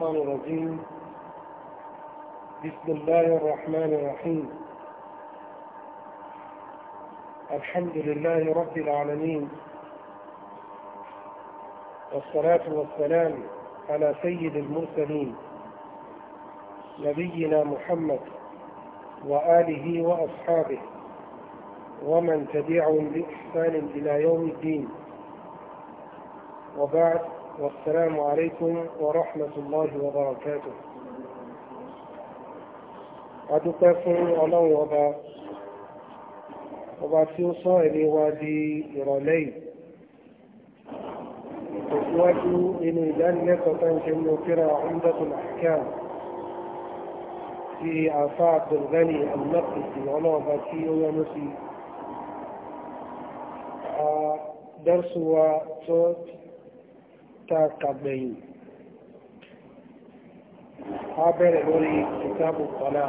الشيطان الرجيم بسم الله الرحمن الرحيم الحمد لله رب العالمين والصلاة والسلام على سيد المرسلين نبينا محمد وآله وأصحابه ومن تبعهم بإحسان إلى يوم الدين وبعد والسلام عليكم ورحمة الله وبركاته adúpẹ́ fún ọlọ́run ọba ọba tí ó sọ ẹ̀mí wa di ìrọ̀lẹ́ yìí ìtẹ̀síwájú nínú ìdánilẹ́kọ̀ọ́ tó ń ṣe ní òkèrà Umdatul Ahkam ti àfá Abdulghani al-Maqdisi ọlọ́ọ̀bá tí ó yọ́nú sí dársuwa tá a kàgbẹ̀yìn a bẹ̀rẹ̀ lórí kìtàbù kọ́lá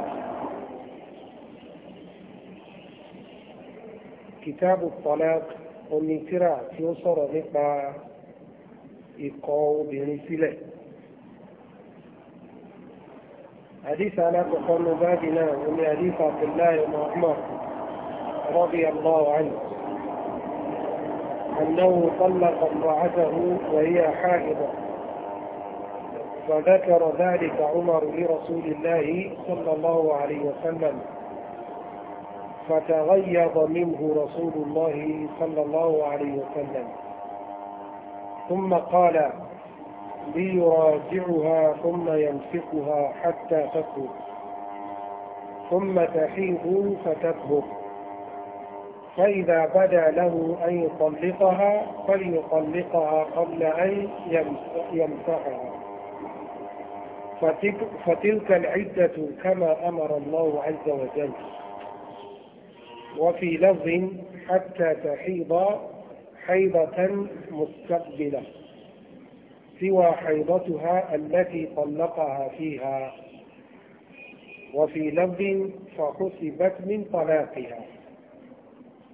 kìtàbù kọ́lá onítìrà tí ó sọ̀rọ̀ nípa ikọ̀ obìnrin sílẹ̀ حديث على قول بابنا ومن حديث عبد الله بن عمر رضي الله عنه أنه طلق امرأته وهي حائضة فذكر ذلك عمر لرسول الله صلى الله عليه وسلم فتغيظ منه رسول الله صلى الله عليه وسلم ثم قال ليراجعها ثم يمسكها حتى تكبر ثم تحيض فتكبر فإذا بدا له أن يطلقها فليطلقها قبل أن يمسحها فتلك العدة كما أمر الله عز وجل وفي لفظ حتى تحيض حيضة مستقبلة سوى حيضتها التي طلقها فيها وفي لفظ فحسبت من طلاقها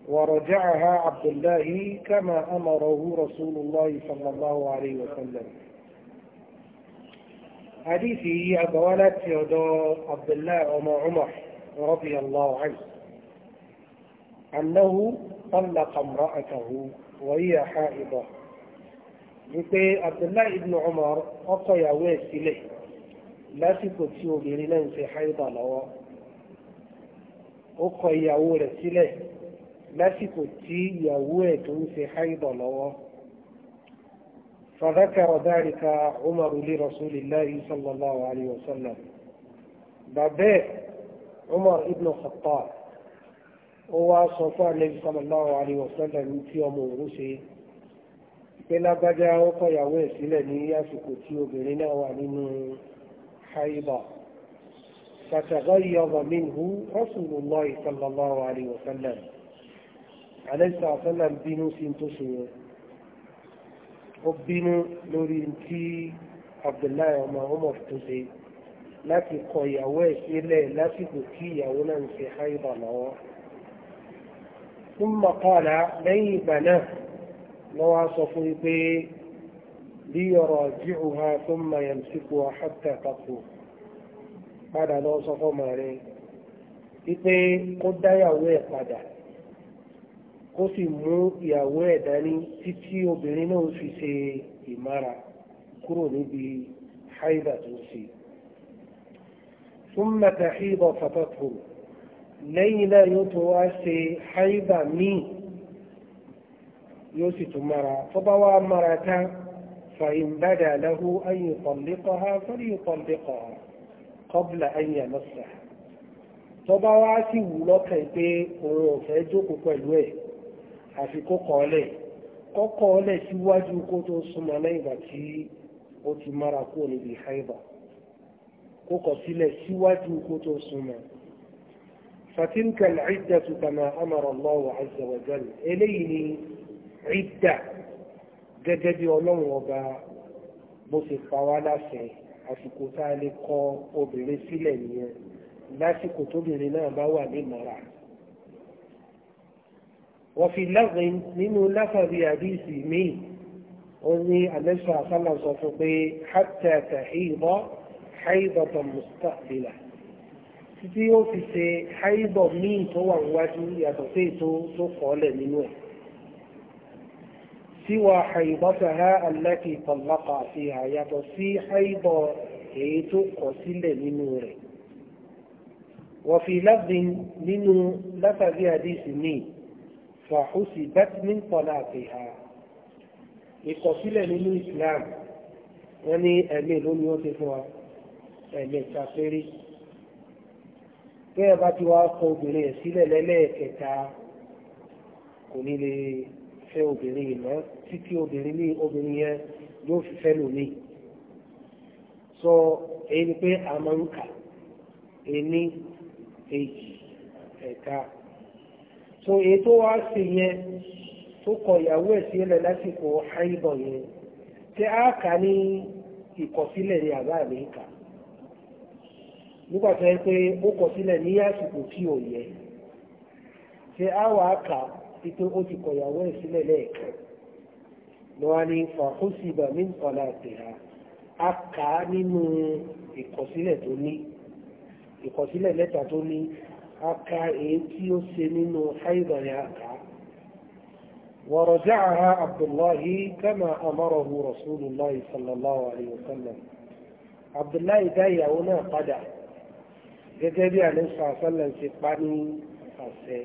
ورجعها عبد الله كما أمره رسول الله صلى الله عليه وسلم حديثه أبوالة عبد الله أم عمر رضي الله عنه أنه طلق امرأته وهي حائضة wípé abdullahi ibn umar ọkọ ìyàwó ẹ̀ sílẹ̀ lásìkò tí obìnrin náà ń ṣe haida lọ́wọ́ ó kọ ìyàwó rẹ̀ sílẹ̀ lásìkò tí ìyàwó ẹ̀ tó ń ṣe háìdọ̀ lọ́wọ́ فذكر ذلك عمر لرسول الله صلى الله عليه وسلم بعد عمر ابن الخطاب هو صفاء النبي صلى الله عليه وسلم في يوم روسي بلا بجا وقياوه سلني يسكو تيو بلنا وعنين حيضا فتغيظ منه رسول الله صلى الله عليه وسلم àlẹ́sà àfẹ́là ń bínú sí tó ṣe yẹn ó bínú lórí tí Abdullahi ọmọ ọmọ tó ṣe láti kọ ìyàwó ẹ̀ sílẹ̀ lásìkò kí ìyàwó náà ń ṣe háìbà lọ́wọ́ fún mọ̀kànlá lẹ́yìn ìgbà náà lọ́wọ́ sọ fún pé ليراجعها ثم يمسكها حتى تقوم padà lọ sọ fọmọ rẹ wípé kó dáyàwó ẹ padà kó sì mú ìyàwó ẹ̀ dání títí obìnrin náà fi ṣe ìmára kúrò níbi haida tó ṣe. ثم تحيض فتطهر lẹ́yìn náà yóò tó wá ṣe haida míì yóò sì tún mara tó bá wá mara tán فإن بدا له أن يطلقها فليطلقها قبل أن يمسها tó bá wá sì wù pé òun ò fẹ́ jókòó pẹ̀lú ẹ̀ Asi ka o kpọọle o kpọọle si wajọ uko o to sọma na ịbati o tụmara ku ọ na ebe haịba ka o kpọọ si le si wajọ uko ọ to sọma fatin ka ịda supama amala ụwa azawajal ebe i ni ịda dede bi ụlọ ụwa baa bụ fawalasa asiko taa ịda kọ ọ bụrụ si le na ihe na-asi kutu mara. وفي fi lẹ́gbẹ̀ẹ́ nínú lẹ́fẹ̀ẹ́rí àdísì míì ó ní àlẹ́sọ̀ àsálà sọ fún pé hatta tahidọ́ haidọ̀tọ̀ mustaqbila títí ó fi ṣe haidọ̀ míì tó wà níwájú yàtọ̀ sí ètò tó kọ́ọ̀lẹ̀ nínú ẹ̀ síwá haidọ́tàhá allati talaqa fiha yàtọ̀ sí haidọ̀ èyí tó kọ̀ sílẹ̀ nínú rẹ̀ wọ́n fi lẹ́gbẹ̀ẹ́ nínú lẹ́fẹ̀ẹ́rí àdísì míì فحسبت من طلاقها ìkọsílẹ̀ nínú islam wọ́n ní ẹ̀mí ló ní ó ti fún wa ẹ̀mí ìtàfẹ́rí bẹ́ẹ̀ bá ti wá kọ obìnrin ẹ̀ lẹ́lẹ́ẹ̀kẹta kò ní lè fẹ́ obìnrin ìmọ̀ títí obìnrin ní obìnrin yẹn yóò fi fẹ́ lómi sọ èyí ni pé a ń kà ení èjì ẹ̀ka so èyí tó wá sí yẹn tó kọ ìyàwó ẹ̀ sílẹ̀ lásìkò àìbọ̀ yẹn tí a kà ní ìkọsílẹ̀ ní àbá àmẹ́ríkà nígbà tó yẹ pé ó kọsílẹ̀ ní àsìkò tí ò yẹ tí a wà á kà pípé ó ti kọ ìyàwó ẹ̀ sílẹ̀ lẹ́ẹ̀kan ló wá ní fàkóṣìbà ní ọ̀la àtẹ̀hà a kà á nínú ìkọsílẹ̀ tó ní ìkọsílẹ̀ mẹ́ta tó ní aka èyí tí ó ṣe nínú haidọ̀ ni aka ورجعها عبد الله كما أمره رسول الله صلى الله عليه وسلم عبد الله دايا هنا قدع gẹ́gẹ́ bí àlẹ́sà sọ́lẹ̀ ti pa ní àṣẹ.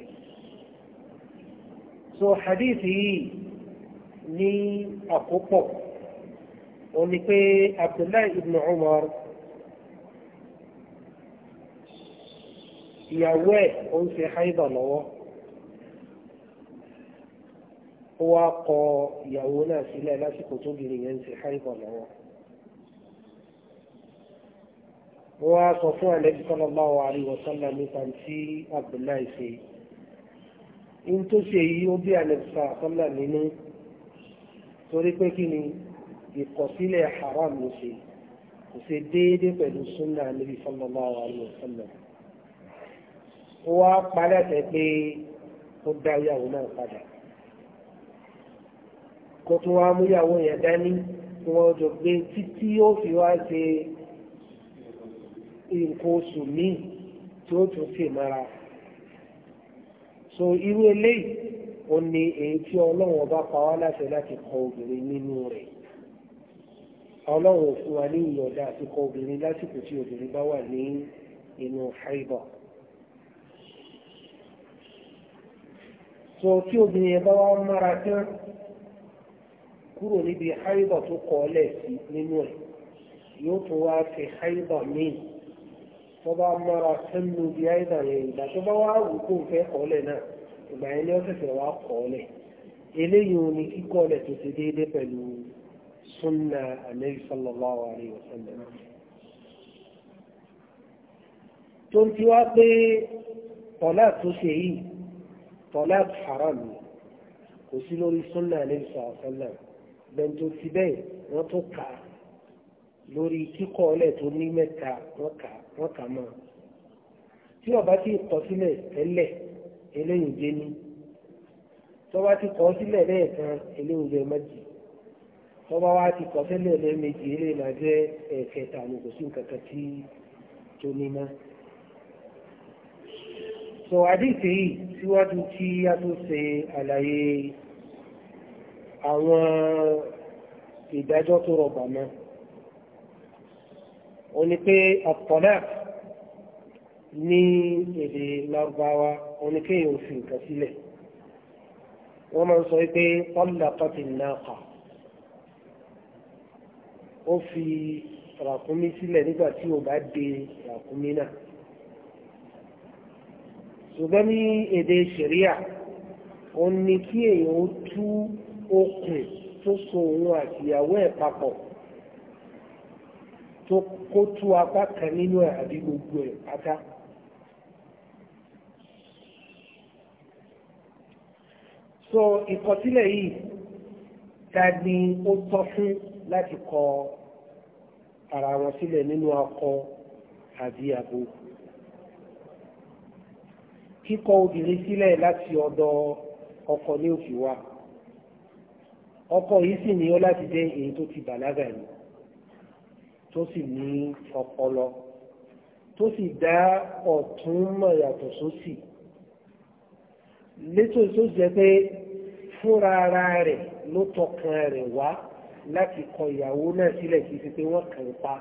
so hadith yìí ní àkópọ̀ o ni pé abdullahi ibn umar ìyàwó ẹ̀ ó ń ṣe haida lọ́wọ́ ó wá kọ ìyàwó náà sílẹ̀ lásìkò tó bìrì yẹn ń ṣe haida lọ́wọ́ wọ́n wá sọ fún àlẹ́bí sallallahu alaihi wasallam nípa tí Abdullahi ṣe in tó ṣe yìí ó bí àlẹ́bí sọ́lá nínú torí pé kí ni ìkọ̀sílẹ̀ haram ló ṣe kò ṣe déédéé pẹ̀lú súnà àlẹ́bí sallallahu alaihi wasallam ó wá palẹ̀tẹ̀ pé ó dá ìyàwó náà padà kó tún wá mú ìyàwó yẹn dání tí wọ́n jọ gbé títí ó fi wá ṣe nǹkan oṣù míì tí ó tún sì mara so irú eléyìí ó ní èyí tí ọlọ́run ọba pa wá láṣẹ láti kọ obìnrin nínú rẹ̀ ọlọ́run ò fún wa ní ìyọ̀dá àti kọ obìnrin lásìkò tí obìnrin bá wà ní inú haibọ̀. so tí obìnrin yẹn bá wá mára tán kúrò níbi haibọ̀ tó kọ́ ọ́lẹ̀ sí nínú ẹ̀ yóò tún wá fi haibọ̀ míì tó bá mára tán nínú ibi haibọ̀ yẹn ìgbà tó bá wá wù kó fẹ́ kọ́ ọ́lẹ̀ náà ìgbà yẹn ni ó fẹ̀fẹ̀ wá kọ́ ọ́lẹ̀ eléyìí ò ní kíkọ́ ọ́lẹ̀ tó ti déédé pẹ̀lú sunna anabi sallallahu alayhi wa sallam tó ń ti wá pé ọ̀la tó ṣe yìí tọ́láàbù haram ni kò sí lórí sunna ní sàásánlá bẹ́ńtò ti bẹ́ẹ̀ wọ́n tó kà á lórí kíkọ́ ọlẹ̀ tó ní mẹ́ta wọ́n kà wọ́n kà mọ́ tí ọba ti kọ́ sílẹ̀ tẹ́lẹ̀ eléyìí dé ní tọ́ba ti kọ́ sílẹ̀ lẹ́ẹ̀kan eléyìí dé méjì tọ́ba wa ti kọ́ sílẹ̀ lẹ́ẹ̀mejì eléyìí máa jẹ́ ẹ̀ẹ̀kẹta ni kò sí nǹkan kan tí tó ní náà so àdíṣe yìí síwájú kí a tó ṣe àlàyé àwọn ìdájọ́ tó rọgbà mọ́ o ní pé àpọ̀lá ní èdè lárúbáwá o ní pé èèyàn fi nǹkan sílẹ̀ wọ́n máa ń sọ pé tọ́lákọ́tì náà ó fi ràkúnmí sílẹ̀ nígbà tí ò bá de ràkúnmí náà ṣùgbọ́n ní èdè ṣẹ̀ríà ó ní kí èèyàn ó tú okùn tó so òun àti ìyàwó ẹ̀ papọ̀ tó kó tú apá kan nínú ẹ̀ àbí gbogbo ẹ̀ pátá. so ìkọsílẹ̀ yìí ta ni ó tọ́ fún láti kọ ara wọn sílẹ̀ nínú akọ àbí abo kíkọ obìnrin sílẹ̀ láti ọ̀dọ̀ ọkọ ní òfì wa ọkọ yìí sì ní ó láti jẹ́ èyí tó ti bàlágà ni tó sì ní ọpọlọ tó sì dá ọ̀tún mọ̀ yàtọ̀ sósì létò tó jẹ́ pé fúnra ara rẹ̀ ló tọkàn rẹ̀ wá láti kọ ìyàwó náà sílẹ̀ kí fi pé wọ́n kàn pa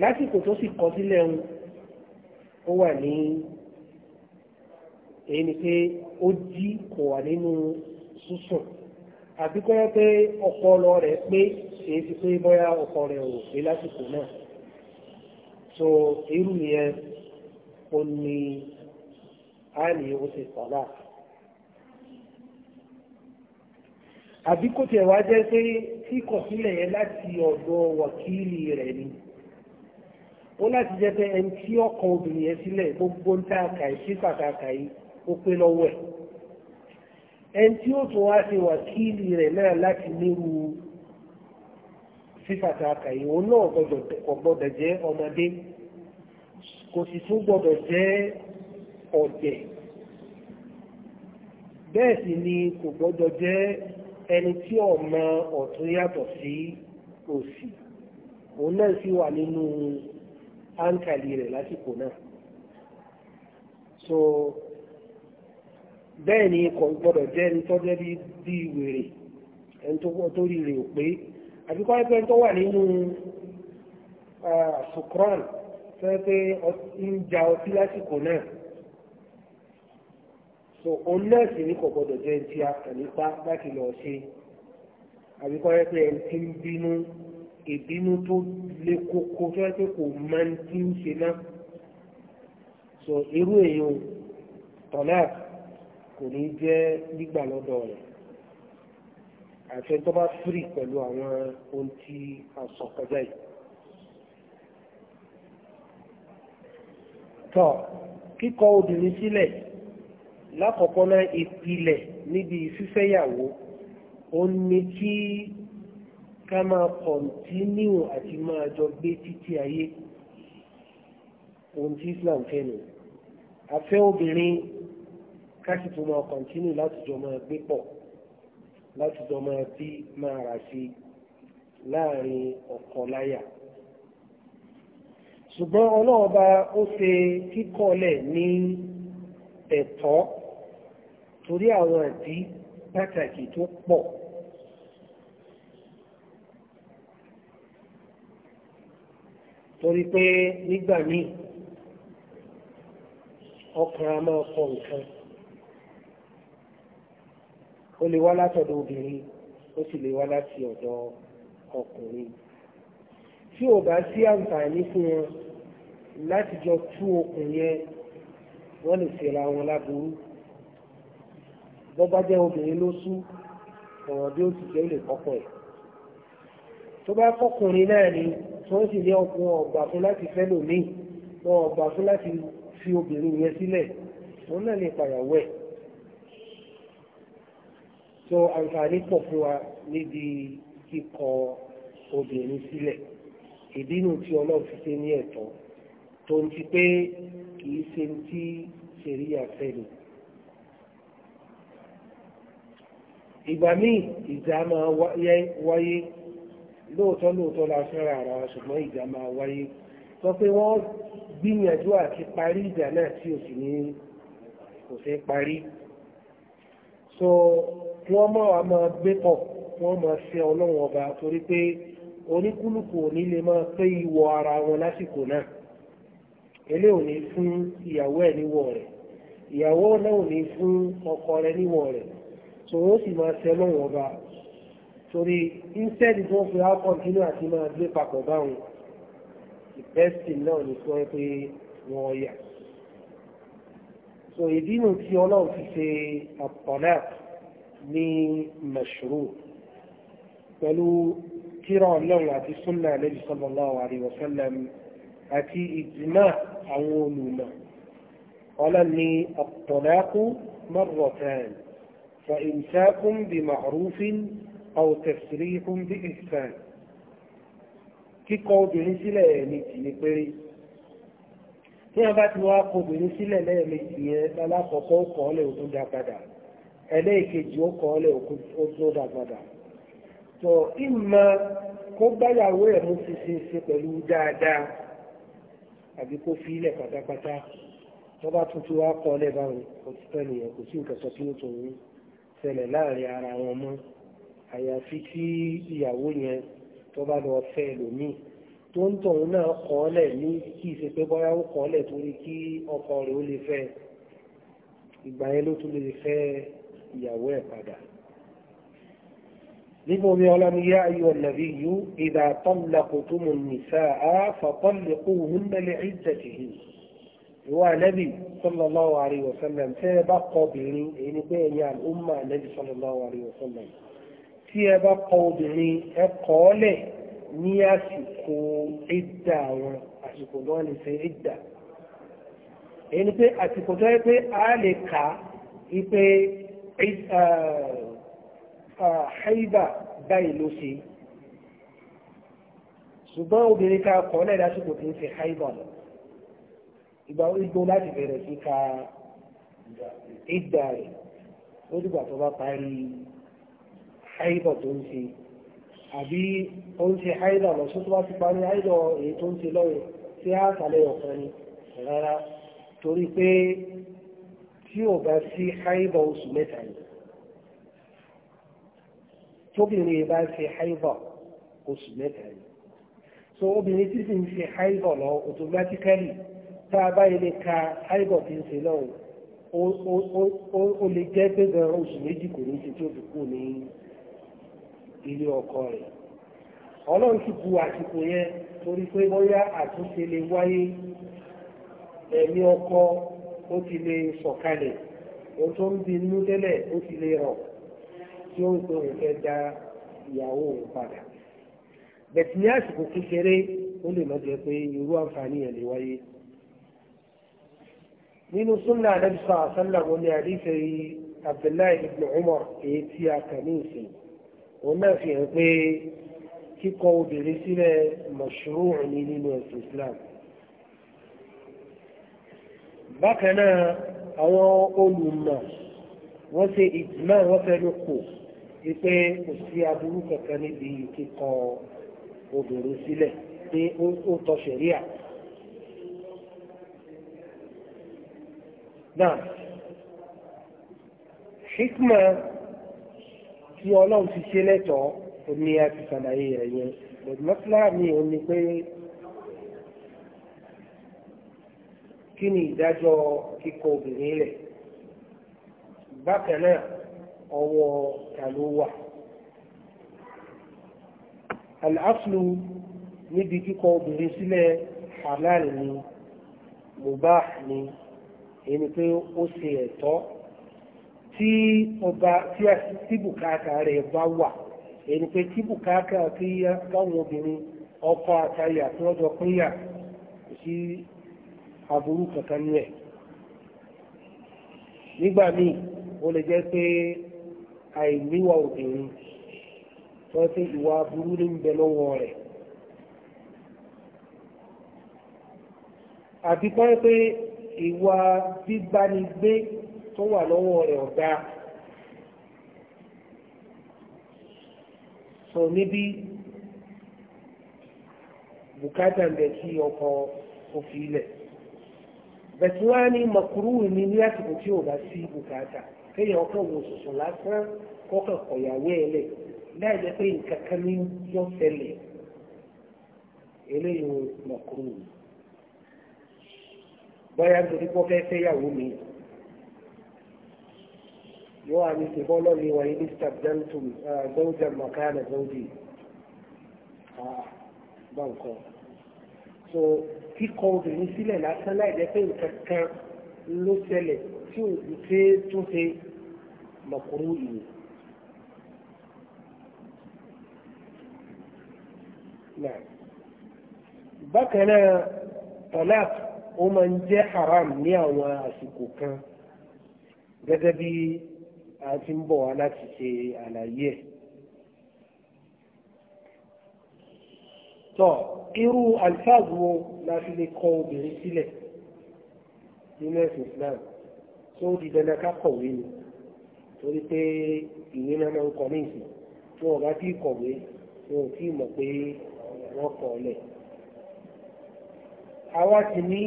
lásìkò tó sì kọ sílẹ̀ ń ó wà ní èyí ni pé ó jí kò wà nínú sísùn àbí kọ́ yẹ pé ọpọlọ rẹ̀ pé èyí ti pé bóyá ọkọ rẹ̀ ò pé lásìkò náà so irú yẹn ó ní a ní ó ti sọ̀lá. àbí kò tiẹ̀ jẹ́ pé kíkọ̀ sílẹ̀ yẹn láti ọ̀dọ̀ wàkílì rẹ̀ ni ó láti jẹ́ pé ẹni tí ọkàn obìnrin yẹn sílẹ̀ gbogbo ń tá àkàí sí pàtàkì ó pé lọ́wọ́ ẹ̀ ẹni tí ó tún wá ṣe wàkíìlì rẹ̀ náà láti nírú sífàtà àkàí òun náà gbọ́dọ̀ jẹ́ ọmọdé kò sì tún gbọ́dọ̀ jẹ́ ọ̀dẹ̀ bẹ́ẹ̀ sì ni kò gbọ́dọ̀ jẹ́ ẹni tí ọmọ ọ̀tún yàtọ̀ sí òsì òun náà sì wà nínú áńkàlì rẹ̀ lásìkò náà so bẹ́ẹ̀ ni kò gbọ́dọ̀ jẹ́ ẹni tó jẹ́ bí wèrè ẹni tó rí rè pé àbíkọ́ ẹgbẹ́ tó wà nínú sukran tó yẹ pé ń ja ọtí lásìkò náà so òun náà sì ní kò gbọ́dọ̀ jẹ́ ẹni tí a kàn nípa láti lọ ṣe àbíkọ́ ẹgbẹ́ ẹni tí ń bínú ìbínú tó lé kókó tó yẹ kó máa ń tí ń ṣe náà so irú èèyàn tọ́lá kò ní jẹ́ gbígbà lọ́dọ̀ rẹ̀ àfẹ́ tó bá fírì pẹ̀lú àwọn ohun tí a sọ kọjá yìí. tọ́ kíkọ obìnrin sílẹ̀ lákọ̀ọ́kọ́ náà ìpìlẹ̀ níbi fífẹ́yàwó ó ní kí ká máa kọ̀ǹtínú àti máa jọ gbé títí ayé ohun tí Islam fẹ́ nù afẹ́ obìnrin káṣí tó máa kọ̀ǹtínú láti jọ máa gbé pọ̀ láti jọ máa bí máa rà sí láàrin ọkọ láyà ṣùgbọ́n ọlọ́ọ̀ba ó ṣe kíkọ́lẹ̀ ní ẹ̀tọ́ torí àwọn àdí pàtàkì tó pọ̀. torí pé nígbà míì ọkàn a máa kọ nǹkan ó lè wá látọ̀dọ̀ obìnrin ó sì lè wá láti ọ̀dọ̀ ọkùnrin tí ò bá sí àǹfààní fún wọn láti jọ tú okùn yẹn wọ́n lè ṣe ra wọn láburú bọ́ bá jẹ́ obìnrin ló sú ọ̀rọ̀ bí ó sì jẹ́ lè kọ́kọ́ ẹ̀ tó bá fọkùnrin náà ni tó sì ní ọkùnrin ọ̀gbà fún láti fẹ́ lòmíì wọn ọ̀gbà fún láti fi obìnrin yẹn sílẹ̀ òun náà lè pàyàwó ẹ̀ so àǹfààní pọ̀ fún wa níbi kíkọ obìnrin sílẹ̀ ìdínú tí ọlọ́run fi ṣe ní ẹ̀tọ́ tó ń ti pé kìí ṣe tí ṣèrí àfẹ́lẹ̀ ìgbà míì ìjà máa wáyé lóòótọ́ lóòótọ́ la fẹ́ra ara wa ṣùgbọ́n ìjà máa wáyé sọ pé wọ́n gbìyànjú àti parí ìjà náà tí ò sì ní kò sí parí so wọ́n mọ̀ wá máa gbé pọ̀ wọ́n máa ṣe ọlọ́run ọba torí pé oníkúlùkù òní lè máa pé ìwọ ara wọn lásìkò náà eléyìí ò ní fún ìyàwó ẹ̀ níwọ̀ rẹ̀ ìyàwó náà ò fún ọkọ rẹ̀ níwọ̀ rẹ̀ so wọ́n sì máa ṣe ọlọ́run ọba torí instead tí wọ́n fi á kọ́ntínú àti máa gbé papọ̀ báwọn ìbẹ́sìn náà ní sọ pé wọ́n yà so ìdí nù tí ọlọ́run fi ṣe àpọ̀lá ní mẹ̀ṣúrù pẹ̀lú kíra ọlọ́run àti súnà Ànábì sallallahu alaihi wasallam àti ìjìmá àwọn olùmọ̀ ọlọ́run ní àpọ̀lá kú marratan fa imsakun bi ma'rufin أو تفسيريح بإحسان kíkọ̀ obìnrin sílẹ̀ ẹ̀ẹ̀mejì ní péré tí wọ́n bá ti wá kọ̀ obìnrin sílẹ̀ lẹ́ẹ̀mejì yẹn lálákọ̀ọ́kọ́ ó kọ̀ ọ́lẹ̀ òkú dá padà ẹlẹ́ẹ̀kejì ó kọ̀ ọ́lẹ̀ òkú dá padà tó ìmọ̀ kó báyàwó ẹ̀ mú ṣinṣin ṣe pẹ̀lú dáadáa àbí kó fi ilẹ̀ pátápátá tó bá tuntun wá kọ̀ ọ́lẹ̀ báwọn òtítọ́ nìyẹn kò sí nǹkan sọ kí ó tòun ṣẹlẹ̀ láàrin ara wọn mọ́ àyàfi tí ìyàwó yẹn tó bá lọ fẹ́ lòmíì tó ń tọ̀hún náà kọ́ọ́lẹ̀ ní kí ìṣe pé bọ́yá ó kọ́ọ́lẹ̀ torí kí ọkọ rẹ̀ ó lè fẹ́ ìgbà yẹn ló tún lè fẹ́ ìyàwó ẹ̀ padà. لبوبي ولم يا أيها النبي إذا طلقتم النساء فطلقوهن لعدتهن هو نبي صلى الله عليه وسلم سيبقى بني إن بني الأمة النبي صلى الله عليه وسلم tí ẹ bá kọ obìnrin ẹ kọ́ ọ lẹ̀ ní àsìkò ìdà wọn àsìkò náà lè ṣe ìdà èyí pé àsìkò tó yẹ pé a lè kà á wípé haida báyìí ló ṣe ṣùgbọ́n obìnrin ká kọ́ lẹ̀ lásìkò tó ń ṣe haida lọ ìgbà igbó láti bẹ̀rẹ̀ sí ka ìdà rẹ̀ ó dìgbà tó bá parí háìdọ̀ tó ń ṣe àbí ó ń ṣe háìdọ̀ lọ́sùn tó bá ti parí háìdọ̀ èyí tó ń ṣe lọ́yẹ̀ tí a sàlẹ̀ ọ̀kan ni rárá torí pé tí ò bá sí háìdọ̀ so obìnrin tí sì ń ṣe automatically tá a bá ilé ka háìdọ̀ tí ń ṣe lọ́wọ́ ó lè jẹ́ pé gan oṣù méjì kò ní ṣe ilé ọkọ rẹ̀ ọlọ́run ti bu àsìkò yẹn torí pé bóyá àtúnṣe lè wáyé ẹ̀mí ọkọ ó ti lè sọ̀kalẹ̀ ohun tó ń bi inú tẹ́lẹ̀ ó ti lè rọ̀ tí ó ń pè òun fẹ́ da ìyàwó òun padà bẹ̀tì ní àsìkò kékeré ó lè má jẹ́ pé irú àǹfààní yẹn lè wáyé nínú súnà àdàbísà àṣálà wọn ni àdìsẹ́ yìí Abdullahi ibn Umar èyí tí a kà ní ìsìn yìí òun náà fi hàn pé kíkọ obìnrin sílẹ̀ mọ̀ṣúrù ní nínú ẹ̀sìn Islam bákan náà àwọn olùmọ̀ wọ́n ṣe ìjìmọ̀ wọ́n fẹ́nu kò wípé kò sí aburú kankan níbi kíkọ obìnrin sílẹ̀ pé ó tọ́ ṣẹ̀ríà. náà hikma tí ọlọ́run ti ṣe lẹ́tọ̀ọ́ omi àti sàlàyé rẹ̀ yẹn mọ́tílá mi ò ní pé kí ni ìdájọ́ kíkọ obìnrin lẹ̀ bákan náà ọwọ́ ta ló wà. Àlàáfíà níbi kíkọ obìnrin sílẹ̀ halal ni, mubah ni, èyí pé ó ṣe ẹ̀tọ́ tí ọba tí bùkátà rẹ̀ bá wà ẹni pé tí bùkátà tí káwọn obìnrin ọkọ àtàyà tí wọ́n jọ pínyà kò sí aburú kankan nú ẹ̀ nígbà míì ó lè jẹ́ pé àìníwà obìnrin tó ṣe ìwà aburú ní ń bẹ lọ́wọ́ rẹ̀ àti pé ìwà bíbánigbé tó wà lọ́wọ́ rẹ̀ sọ níbi bùkátà ń bẹ ọkọ òfin ilẹ̀ bẹ̀tún wá ní mọ̀kúrú ní ní àsìkò tí ò bá sí bùkátà kéèyàn ọkọ̀ wò sùsùn lásán kọ́kàn kọ̀yàwó ẹ̀ lẹ̀ láì jẹ́ pé nǹkan kan ní yọ ṣẹlẹ̀ eléyìí mọ̀kúrú bọ́yá yóò wà ní ṣèbọ́ lọ́ọ̀ni wọ̀nyí ní stabdantum zaujan makana zauji ah, báńkọ́ so kíkọ obìnrin sílẹ̀ lásán láì jẹ́ pé nǹkan kan ló ṣẹlẹ̀ tí ò ti ṣe tó ṣe mọ̀kúrú ìlú. bákan náà talaq ó máa ń jẹ́ haram ní àwọn àsìkò kan gẹ́gẹ́ bíi a ti ń bọ̀ wá láti ṣe àlàyé ẹ̀. tọ́ irú alfáàz wo la fi lè kọ obìnrin sílẹ̀ nínú ẹ̀sìn Islam tó di dandan ká kọ̀wé ni torí pé ìwé náà máa ń kọ ní ìsìn tí wọn bá ti kọ̀wé wọn ò tí mọ̀ pé wọ́n kọ̀ ọ́ lẹ̀. àwa sì ní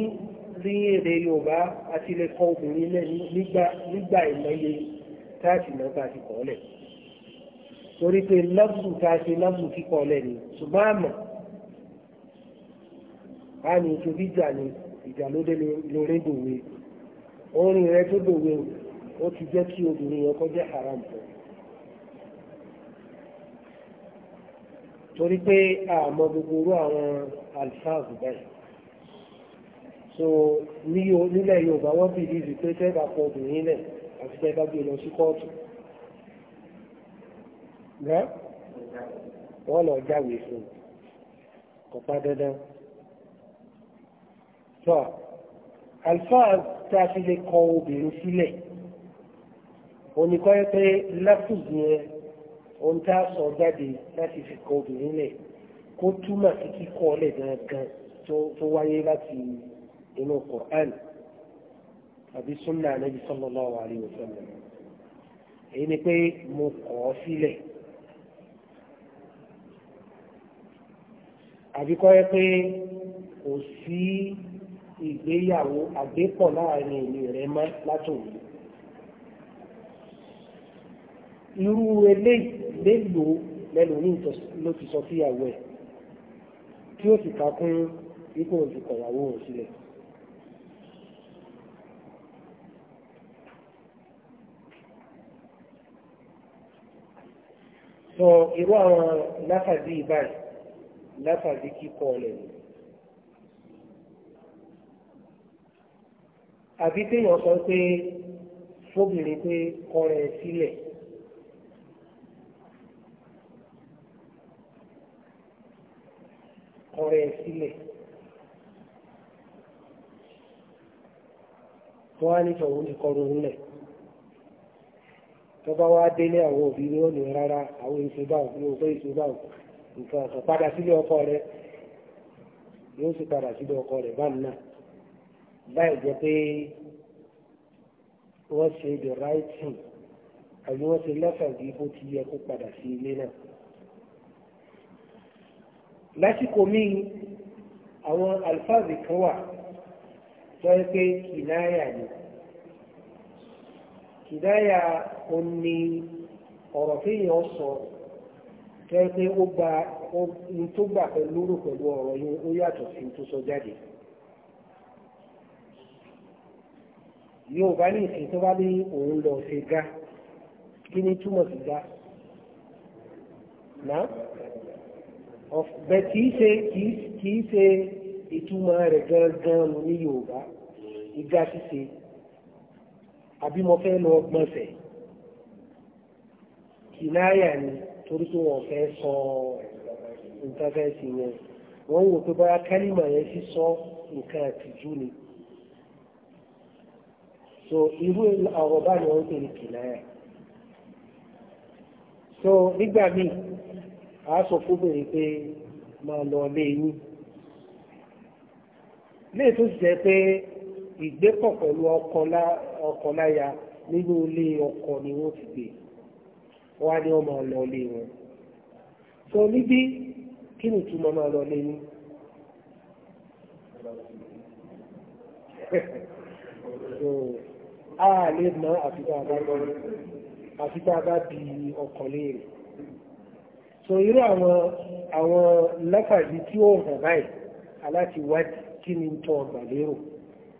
rí èdè Yorùbá a ti lè kọ obìnrin lẹ̀ nígbà ìmọ̀ye yìí táàsì náà bá ti kọ́ lẹ̀ torí pé lọ́bù tá a ṣe lọ́bù kíkọ́ lẹ̀ ni ṣùgbọ́n àmọ́ a ní ìṣòbí ìjà ni ìjà ló dé lórí dòwe orin rẹ tó dòwe ó ti jẹ́ kí obìnrin yẹn kọjá haram fún torí pé àmọ́ gbogbo orú àwọn alifáàzù bẹ́ẹ̀ so nílẹ̀ Yorùbá wọ́n bìlí ìrì pé tẹ́gbà fún obìnrin náà àti tẹ́ bá gbé lọ sí kóòtù náà wọ́n lọ jáwé fún kò pa dandan tọ́ àlùfáà tá a fi lè kọ obìnrin sílẹ̀ oníkọ́ yẹ pé lápùsù yẹn ohun tá a sọ jáde láti fi kọ obìnrin lẹ̀ kó túmọ̀ sí kíkọ́ ọ̀lẹ̀ gangan tó wáyé láti inú Kùránì àbí súnà ànábì sallallahu alaihi wasallam èyí ni pé mo kọ̀ ọ́ sílẹ̀ àbí kọ́ yẹ pé kò sí ìgbéyàwó àgbépọ̀ láàrin èmi rẹ mọ́ látòun irú eléyìí mélòó lẹ́nu ní ló ti sọ síyàwó ẹ̀ tí ó sì kà kún ipò òjùkọ̀yàwó òun so irú àwọn láfàzí báyìí láfàzí kíkọ ni. àbí téèyàn sọ pé fóbìnrin pé kọrin sílẹ̀. kọrin sílẹ̀. wọ́n tó bá wá délé àwọn òbí ni ó ní rárá àwọn èso bá òkú ló fẹ́ èso bá òkú nǹkan ọ̀sán padà sílé ọkọ rẹ yóò sì padà sílé ọkọ rẹ báyìí náà báyìí jẹ́ pé wọ́n ṣe the right thing àbí wọ́n ṣe lọ́sàn-án bí bó ti yẹ kó padà sí ilé náà. lásìkò míì àwọn alfáàzì kan wà tó yẹ pé kìláyà ni hìdáyà òní ọ̀rọ̀ téèyàn sọ jẹ́ pé ó gba ohun tó gbà pẹ̀lú rò pẹ̀lú ọ̀rọ̀ yìí ó yàtọ̀ sí tó sọ jáde. yóò bá ní ìsìn tó bá ní òun lọ ṣe gá kí ni túmọ̀ sí gá náà bẹ́ẹ̀ kìí ṣe kìí ṣe ìtumọ̀ rẹ̀ gangan ní Yorùbá ìgá ṣíṣe àbí mo fẹ́ lọ gbọ̀nsẹ̀ kìláyà ni torí pé wọ́n fẹ́ sọ nǹkan fẹ́ sí yẹn wọ́n wò pé bóyá kálímà yẹn sì sọ nǹkan àtijú ni so irú àwọn bá ní wọ́n pè kìláyà so nígbà míì a sọ fúnbìnrin pé máa lọ lé yín léè tó sì jẹ́ pé ìgbépọ̀ pẹ̀lú ọkọ lá ọkọ láya nínú ilé ọkọ ni wọ́n ti gbé wọ́n á ní ọmọ ọlọ́ọ̀lẹ́ wọn. sọ níbí kí ni ìtumọ̀ máa lọ lé a lè mọ àfitá bá bí ọkọ̀ léèrè. sọ irú àwọn àwọn lákàtí tí ó hàn báyìí aláti wá kí ni tó ọgbà lérò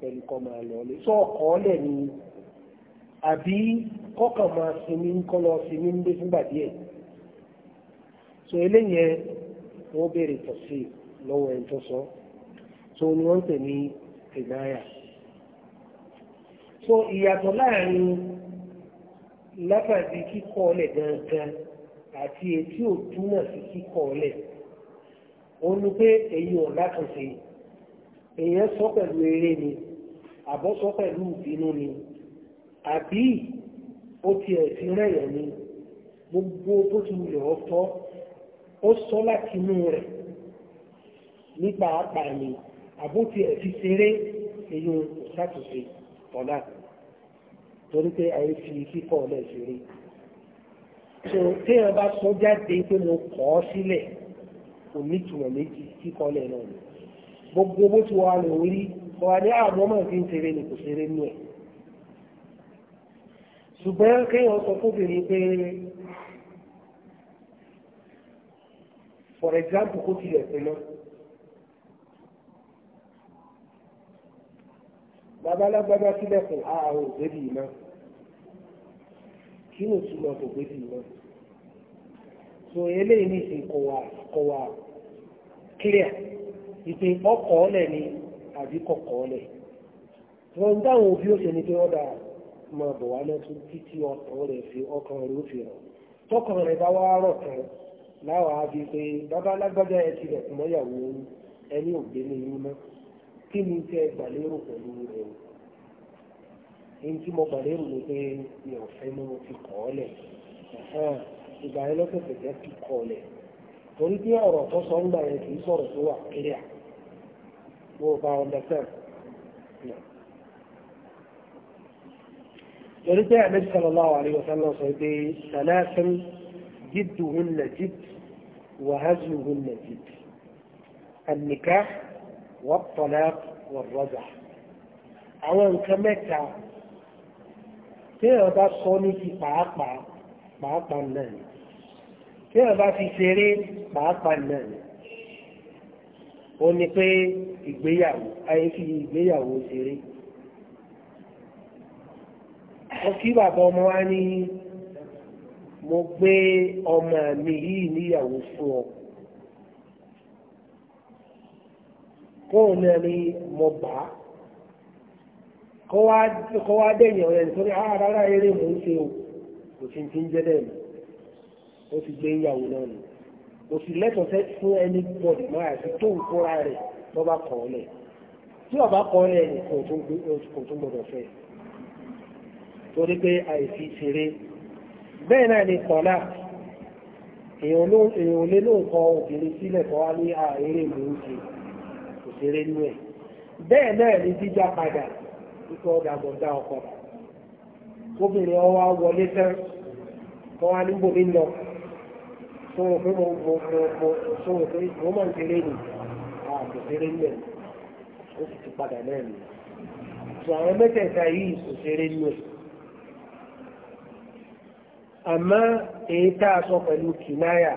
pẹ̀lú kọ́ máa lọ lé sọ ọkọ̀ ọ̀lẹ̀ ni àbí kọ́kàn máa sinmi ń kọ́ lọ sinmi ń lé fúngbà díẹ̀ so eléyẹn wọ́n béèrè tọ̀sí lọ́wọ́ ẹni tó sọ so ni wọ́n ń pè ní ìgbáyà so ìyàtọ̀ láàrin lábàbí kíkọ́ ọ̀lẹ̀ gangan àti etí ò túmọ̀ sí kíkọ́ ọ̀lẹ̀ òun ni pé èyí ọ̀la kan ṣe èèyàn sọ pẹ̀lú eré ni àbọ́sọ pẹ̀lú ìbínú ni àbí ó ti ẹ̀fí rẹ̀yẹ̀ ni gbogbo bó ti wùlẹ̀ ọ̀tọ́ ó sọ láti inú rẹ̀ nípa apààyàn àbó ti ẹ̀fí ṣeré èyí ṣàtúnṣe ọ̀la torí pé àyè fi kíkọ́ ọ̀lẹ́ ṣeré so téèyàn bá sọ jáde pé mo kọ́ ọ sílẹ̀ kò ní ìtumọ̀ méjì kíkọ́ ọ̀lẹ́ náà ni gbogbo bó ti wà lórí wà ní àbọ́mọ̀ fi ń ṣeré ní kò ṣeré ní ẹ̀ ṣùgbọ́n kéèyàn sọ fóbìnrin pé for example kó tilẹ̀ pé náà babalágbádá sílẹ̀kùn ààrùn ah, òbẹ́bì iná kí ló túmọ̀ kò gbẹ́bì iná so eléyìí ní ìsìn kọ̀wà kọ̀wà clear ìpè ọkọ̀ ọ̀lẹ̀ ni. àbí kọ̀kọ́ lẹ̀ wọn dáhùn bí ó ṣe ní pé ọ̀dà máa bọ̀ wá lọ́tún títí rẹ̀ fi ọkàn rẹ̀ ó fi rọ̀ tọkàn rẹ̀ bá wá rọ̀ tán láwọn àbí pé bàbá alágbájá ẹ ti rẹ̀ kùmọ́ ìyàwó ẹni ní kí ni gbàlérò pẹ̀lú rẹ̀ tí mo gbàlérò lẹ̀ ìgbà yẹn lọ́sọ̀ọ̀sẹ̀ jẹ́ lẹ̀ torí hope I understand. ورجع النبي صلى الله عليه وسلم صحيح ثلاثا جدهن جد وهزلهن جد النكاح والطلاق والرجع àwọn nǹkan mẹ́ta tí ẹ̀ bá sọ ní ti pàápàá pàápàá náà ni tí ẹ̀ bá fi ṣeré pàápàá náà ni ó ní pé ìgbéyàwó ayé fi ìgbéyàwó ṣeré ọkí bàbá ọmọ wa ní mo gbé ọmọ mi yìí níyàwó fún ọ kóun náà ni mo bà á kó wá dẹ̀yìn ọ̀rẹ́ nítorí ah, rárá eré mò ń ṣe o kò sí ti ń jẹ́ dẹ̀ mi ó ti gbé ìyàwó náà nù kò sì lẹ́tọ̀ọ́ fún ẹni bọ̀dì máa àti tó ń kóra rẹ̀ ló bá kọ̀ ọ́ lẹ̀ tí ọba kọ̀ ọ́ lẹ̀ kò tún gbọdọ̀ fẹ́ torí pé àìfi ṣeré bẹ́ẹ̀ náà ni kọ̀ọ̀lá èèyàn lé lóòkọ obìnrin sílẹ̀ kọ́ wá ní ààrẹ ìmúṣe kò ṣeré nú ẹ̀ bẹ́ẹ̀ náà ni jíjá padà ikọ̀ ọ̀dàgbọ̀ ọkọ̀ obìnrin ọwá wọlé tán kọ́ wá níbo ní lọ sóhun pé mo mọ̀ ń ṣeré nìyí àgbẹ̀fẹ́rẹ́ ńlẹ̀ ó sì ti padà náà nù. sọ àwọn mẹ́tẹ̀ẹ̀ta yìí kò ṣeré àmọ́ èyí tá a sọ pẹ̀lú kìnnáyà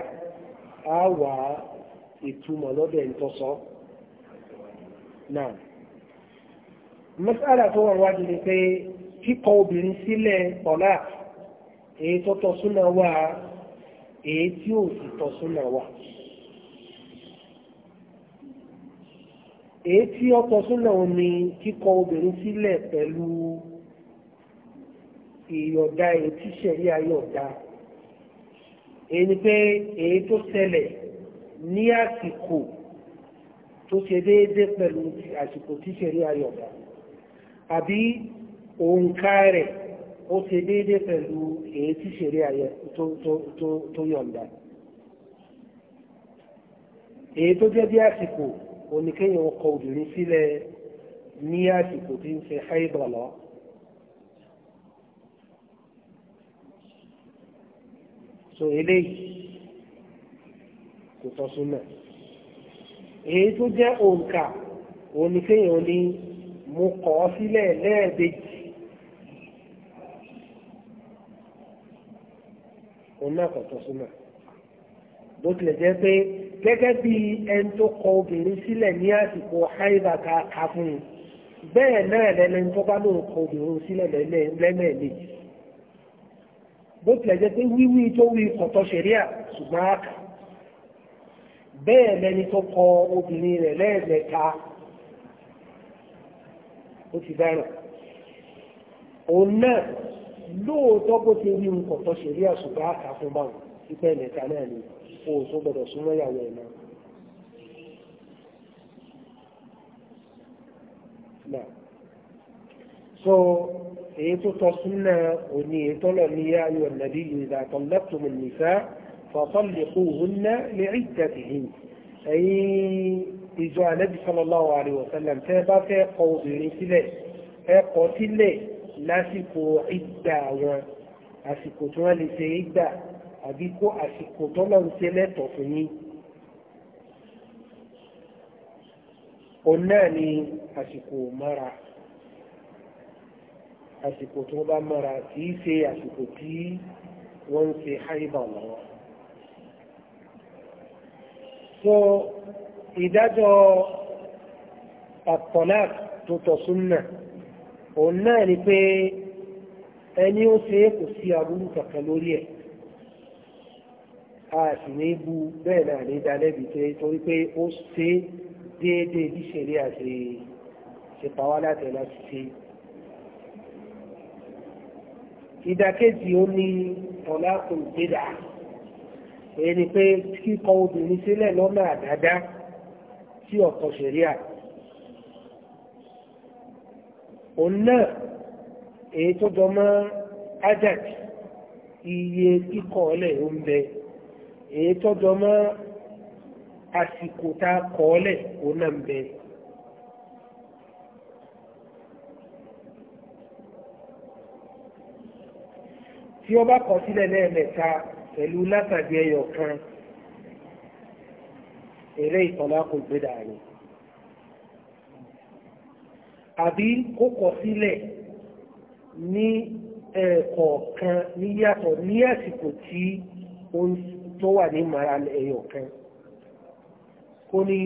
á wà ìtumọ̀ lọ́dọ̀ ẹ̀ ń tọ́sọ. náà mọ́sálà tó wà wájú ni pé kíkọ obìnrin sílẹ̀ ọ̀la èyí tó tọ́ súnà wà èyí tí ò sì tọ́ súnà wà. èyí tí ọkọ̀ súnà ni kíkọ obìnrin sílẹ̀ pẹ̀lú ìyọ̀dá èyí tí sẹ̀rí ayọ̀dá èyí ni pé èyí tó ṣẹlẹ̀ ní àsìkò tó ṣe déédé pẹ̀lú àsìkò tí sẹ̀rí ayọ̀dá àbí òǹkà rẹ̀ ó ṣe déédé pẹ̀lú èyí tí sẹ̀rí ayọ̀ tó yọ̀ǹda èyí tó jẹ́ bí àsìkò oníkéyàn ọkọ obìnrin sílẹ̀ ní àsìkò tí ń ṣe haibọ̀ lọ. so eléyìí kò tọ́ súnmọ́ èyí tó jẹ́ òǹkà oníkéyàn ní mo kọ́ sílẹ̀ lẹ́ẹ̀dejì òun náà kò tọ́ súnmọ́ bó tilẹ̀ jẹ́ pé gẹ́gẹ́ bí ẹni tó kọ obìnrin sílẹ̀ ní àsìkò haida ká fún un bẹ́ẹ̀ náà lẹ́lẹ́ni tó bá lóun kọ obìnrin sílẹ̀ lẹ́mẹ̀ẹ́lẹ́jì bó tilẹ̀ jẹ́ pé wíwí tó wí kọ̀tọ̀ ṣẹ̀ríà ṣùgbọ́n àkà bẹ́ẹ̀ lẹ́ni tó kọ obìnrin rẹ̀ lẹ́ẹ̀mẹ́ta ó ti dáràn òun náà lóòótọ́ bó ti rí nǹkan tó ṣẹ̀ríà ṣùgbọ́n àkà fún báwọn ìpẹ́ mẹ́ta náà nìyẹn o ò tó gbọdọ̀ súnmọ́ ìyàwó ẹ̀ náà. náà so èyí tó tọ́ súnmọ́ òní èyí tó lọ ní yá ayọ̀ nàbí ìdá tọ́lẹ́tùmù nìfẹ́ fọ́tọ́lẹ́kù húnná lè rí ìtẹ̀síhìn ẹ̀yìn ìjọ ànábì sallallahu àsìkò tí wọ́n lè ṣe ìgbà àbí kó àsìkò tọ́lọ̀ ń ṣe lẹ́tọ̀ fún yín òun náà ni àsìkò mọ́ra àsìkò tó bá mọ́ra kì í ṣe àsìkò tí wọ́n ń ṣe haibà lọ́wọ́ so ìdájọ́ àtọ̀lá tó tọ̀ súnnà òun náà ni pé ẹni ó ṣe é kò sí aburú kankan lórí ẹ̀ a sì ní bú bẹ́ẹ̀ náà ní dalẹ́bi tẹ́ torí pé ó ṣe déédéé bí ṣeré àti ṣèpàwá láti láti ṣe ìdàkejì ó ní ọ̀la kò gbéra èyí ni pé kíkọ obìnrin sílẹ̀ lọ́nà àdáadáa tí ọ̀tọ̀ ṣẹ̀ríà òun náà èyí tó jọ mọ́ ajaj iye kíkọ ọlẹ̀ ó ń bẹ èyí tọ́jọ́ mọ́ àsìkò tá a kọ́ ọ́lẹ̀ òun náà ń bẹ. tí ó bá kọ sílẹ̀ lẹ́ẹ̀mẹ́ta pẹ̀lú látàbí ẹyọ kan eré ìtọ́lá kò gbé dàrú àbí kó kọ sílẹ̀ ní ẹ̀ẹ̀kọ̀ọ̀kan níyàtọ̀ ní àsìkò tí ó ń sùn tó wà ní mara ẹyọ kan kó ní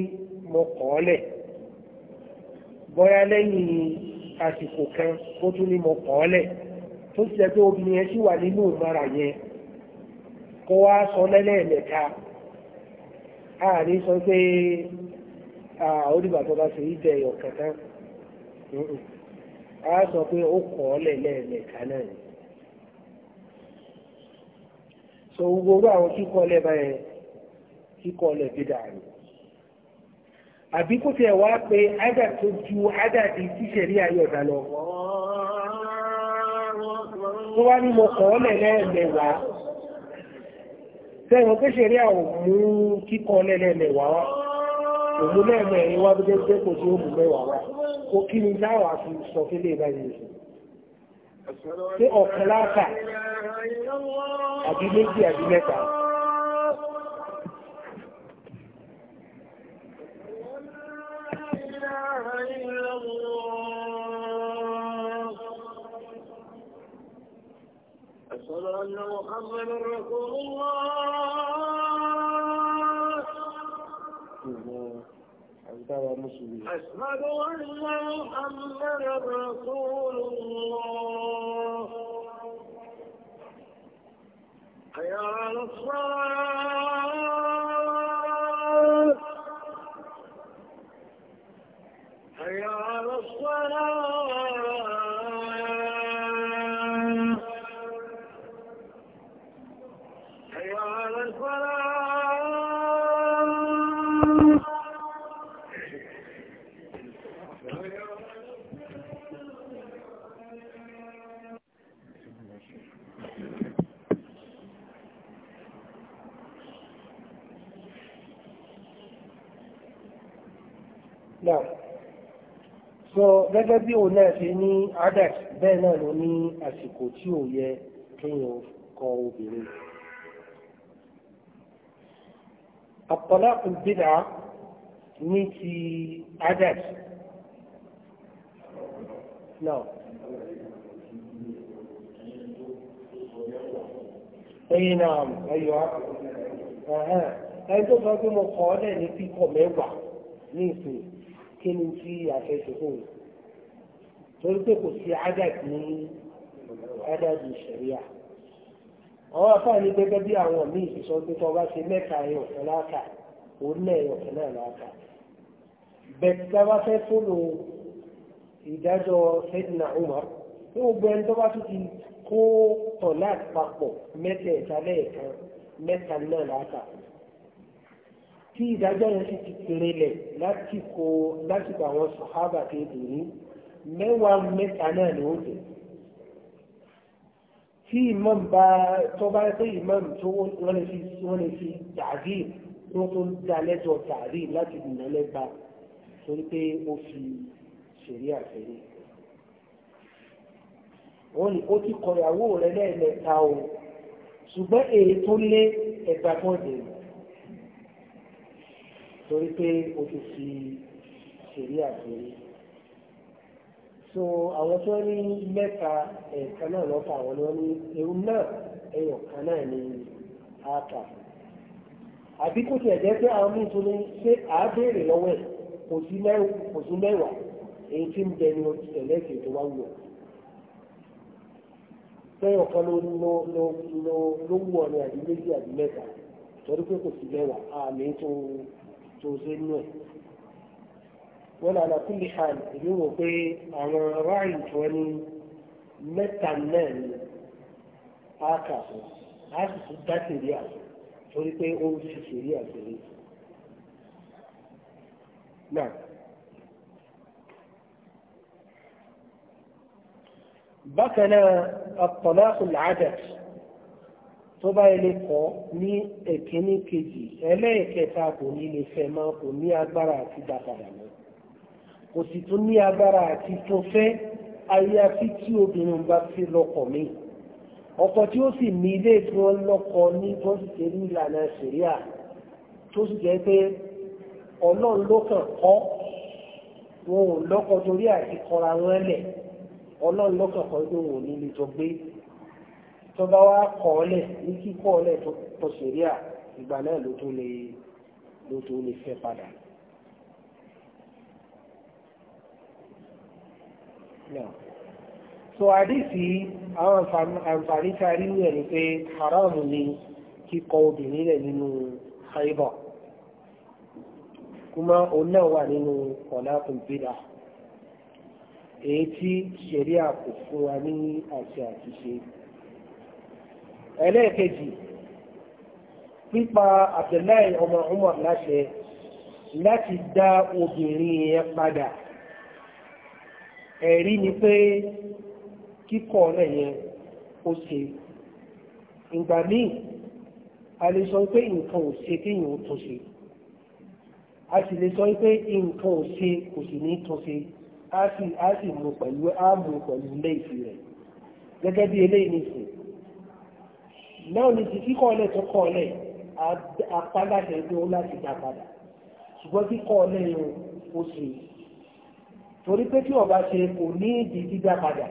mo kọ̀ ọ́ lẹ̀ bóyá lẹ́yìn àsìkò kan kó tún ní mo kọ̀ ọ́ lẹ̀ tó ti jẹ́ pé obìnrin yẹn sì wà nínú ìmara yẹn kó wá sọ lẹ́lẹ́ẹ̀mẹ́ta àárín sọ pé onígbàtọ́ bá ṣe ìdẹ̀ ẹyọ kan tán a sọ pé ó kọ̀ ọ́ lẹ̀ lẹ́ẹ̀mẹ́ta náà ni so gbogbo àwọn kíkọ́ lẹ́bà ẹ̀ kíkọ́ lẹ̀ dídà rẹ̀ àbí kó tiẹ̀ wá pé ádà tó ju ádà di tíṣẹ̀rí ayọ̀dà lọ tó wá ní mo kọ́ lẹ̀ lẹ́ẹ̀mẹ̀wàá sẹ́yìn pé ṣẹ̀rí àwọn mú kíkọ́ lẹ̀ lẹ́ẹ̀mẹ̀wàá wá òun lẹ́ẹ̀mẹ̀rin wá bí jẹ́ pé kò sí òmù wá ó kí ni láwàá fi sọ fílé báyìí ṣé ọ̀kan láàkà àbí méjì àbí mẹ́ta. أشهد أن محمدا رسول الله kyautatawa musu ne ashhadu rasulullah hayya ala so gẹ́gẹ́ bí òun náà ṣe ní adex bẹ́ẹ̀ náà ló ní àsìkò tí ò yẹ kéèyàn kọ obìnrin. àpọ̀lọpọ̀ bídà ní ti adex náà. ẹ̀yin náà ẹ̀yọ́ ẹ̀hẹ́n ẹni tó sọ pé mo kọ́ ọ́ dẹ̀ ní kíkọ̀ mẹ́wàá ní ìsìn. kí tí àfẹ́sẹ̀ fún un torí pé kò sí ágàt ní ágàt ìṣẹ̀ríà àwọn afáàní gẹ́gẹ́ bí àwọn míì ti sọ pé tó bá ṣe mẹ́ta ẹ̀yọ̀ kan láàkà òun náà ẹ̀yọ̀ kan náà láàkà a bá fẹ́ fóònù ìdájọ́ Umar ní gbogbo ẹni tó bá tún ti kó tọ̀ papọ̀ mẹ́tẹ̀ẹ̀ta lẹ́ẹ̀kan mẹ́ta náà tí ìdájọ́ yẹn sì ti pèrè lẹ̀ lásìkò lásìkò àwọn sàhábà tó dùn ní mẹ́wàá mẹ́ta náà ni ó dùn tí imam bá tó bá pé imam tó wọ́n lè fi wọ́n lè fi tààrí tó tó ń da lẹ́jọ́ tààrí láti dùnà lẹ́gba torí pé ó fi ṣeré àfẹ́rí wọ́n ní ó ti kọ̀yàwó rẹ̀ lẹ́ẹ̀mẹ́ta o ṣùgbọ́n èyí tó lé ẹgbàá tó dèrò torí pé o ti fi ṣèlú àgbèrè so àwọn tó ní mẹ́ta ẹ̀ẹ̀kan náà lọ́ta àwọn ni wọ́n ní ewu náà ẹ̀yọ̀ kan náà ní ààtà àbí kò tiẹ̀ jẹ́ pé àwọn míì tó ní ṣé àábèrè lọ́wọ́ ẹ̀ kò sí mẹ́wàá èyí tí ń bẹ ní tẹ̀lé èké tó wá wù ọ́ sẹ́yìn kan ló ló ló ló ló wù ọ́ ní àbí méjì àbí mẹ́ta torí pé kò sí mẹ́wàá àmì tó ń توزن ولا على كل حال اليوم بي انا راعي توني متنن اكاس هاي صدات ريال توني بي اون في ريال بي نعم بكنا الطلاق العدس tó bá ilé kọ́ ní ẹ̀kíní kejì ẹlẹ́ẹ̀kẹta kò ní lè fẹ́ máa kò ní agbára àti dàpadà mọ́ kò sì tún ní agbára àti tó fẹ́ àyàfi tí obìnrin bá fi lọ́kọ mi ọkọ tí ó sì ní ilé tí wọ́n lọ́kọ ní tó sì ṣe ní ìlànà ṣẹ̀ríà tó sì jẹ́ pé ọlọ́run ló kàn kọ́ wọn ò lọ́kọ torí àti kọra wọn lẹ̀ ọlọ́run ló kàn kọ́ wọn ò ní lè jọ gbé tó bá wá kọ́ọ̀lẹ̀ ní kíkọ́ọ̀lẹ̀ tó ṣẹ̀ríà ìgbà náà ló tó lè fẹ́ padà. so àdìsí àwọn àǹfààní tarí rẹ̀ ni pé haram ni kíkọ obìnrin rẹ̀ nínú haibọ̀ kuma òun náà wà nínú ọ̀nà kùnbídà èyí tí ṣẹ̀ríà kò fún wa ní àti àtiṣe ẹlẹ́ẹ̀kejì pípa Abdullahi ọmọ Umar láṣẹ láti dá obìnrin yẹn padà ẹ̀rí ni pé kíkọ̀ ọ̀nà yẹn ó ṣe ìgbà míì a lè sọ pé nǹkan ò ṣe kéèyàn ó tún ṣe a sì lè sọ pé nǹkan ò ṣe kò sì ní tún ṣe a sì mú pẹ̀lú ilé ìfi rẹ̀ gẹ́gẹ́ bí eléyìí nìsín náà ni ti kíkọ́ ọlẹ̀ tó kọ́ ọlẹ̀ apáláṣẹ pé ó láti dá padà ṣùgbọ́n kíkọ́ ọlẹ̀ yẹn ó ṣe torí pé tí ọba ṣe kò ní ìdí dídá padà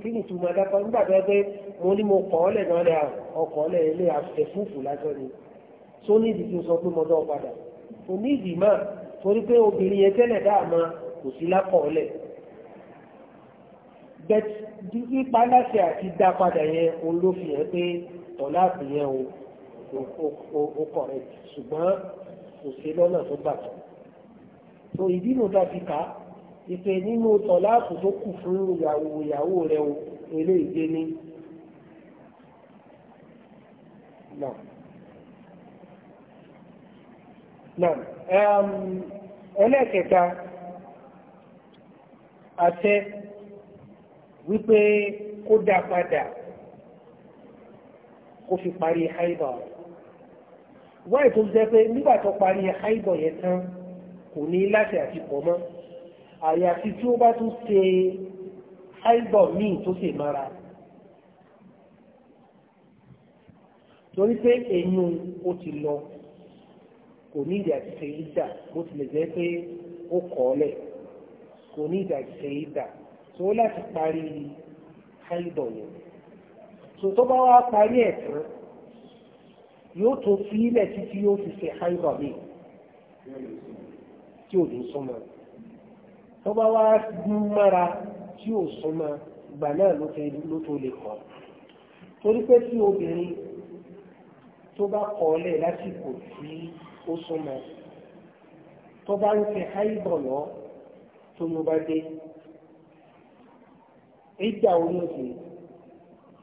kí ni ìtumọ̀ ẹ̀dá nígbà tó pé mo ní mo kọ́ ọlẹ̀ náà lẹ́ ọkọ̀ ọlẹ̀ ilé ẹ̀fúùfù lásán ni tó ní ìdí tí ó sọ pé mo dá ọ padà kò ní ìdí máa torí pé obìnrin yẹn tẹ́lẹ̀ dáàmà kò sí lákọ̀ọ́lẹ̀ bẹ́ẹ̀ nípa láṣẹ àti dá padà yẹn òun ló fi hàn pé sọ láti yẹn o correct ṣùgbọ́n kò ṣe lọ́nà tó bàtọ̀ so ìdínú dàbí ká ìpè nínú tọ̀láàtù tó kù fún ìyàwó ìyàwó rẹ o eré ìgbé ní. ẹlẹ́kẹta àṣẹ wípé kó dá padà kó fi parí haibọ̀ rẹ̀ wáyé tó jẹ́ pé nígbà tó parí haibọ̀ yẹn tán kò ní láti àti pọ̀ mọ́ àyàfi tí ó bá tún ṣe haibọ̀ míì tó ṣe mara torí pé èyún ó ti lọ kò ní ìdí àti ṣe ìdà bó tilẹ̀ jẹ́ pé ó kọ́ ọ́lẹ̀ kò ní ìdí àti ṣe ìdà tó láti parí haibọ̀ yẹn tó bá wá parí ẹ̀ tán yóò tó fi ilẹ̀ títí yóò fi ṣe háìbọ̀ mi tí ò ní súnmọ́ tó bá wá gún mára tí ò súnmọ́ ìgbà náà ló tó lè kọ́ torí pé tí obìnrin tó bá kọ́ ọ́lẹ̀ lásìkò tí ó súnmọ́ tó bá ń ṣe háìbọ̀ lọ tó ló bá dé ìjà orí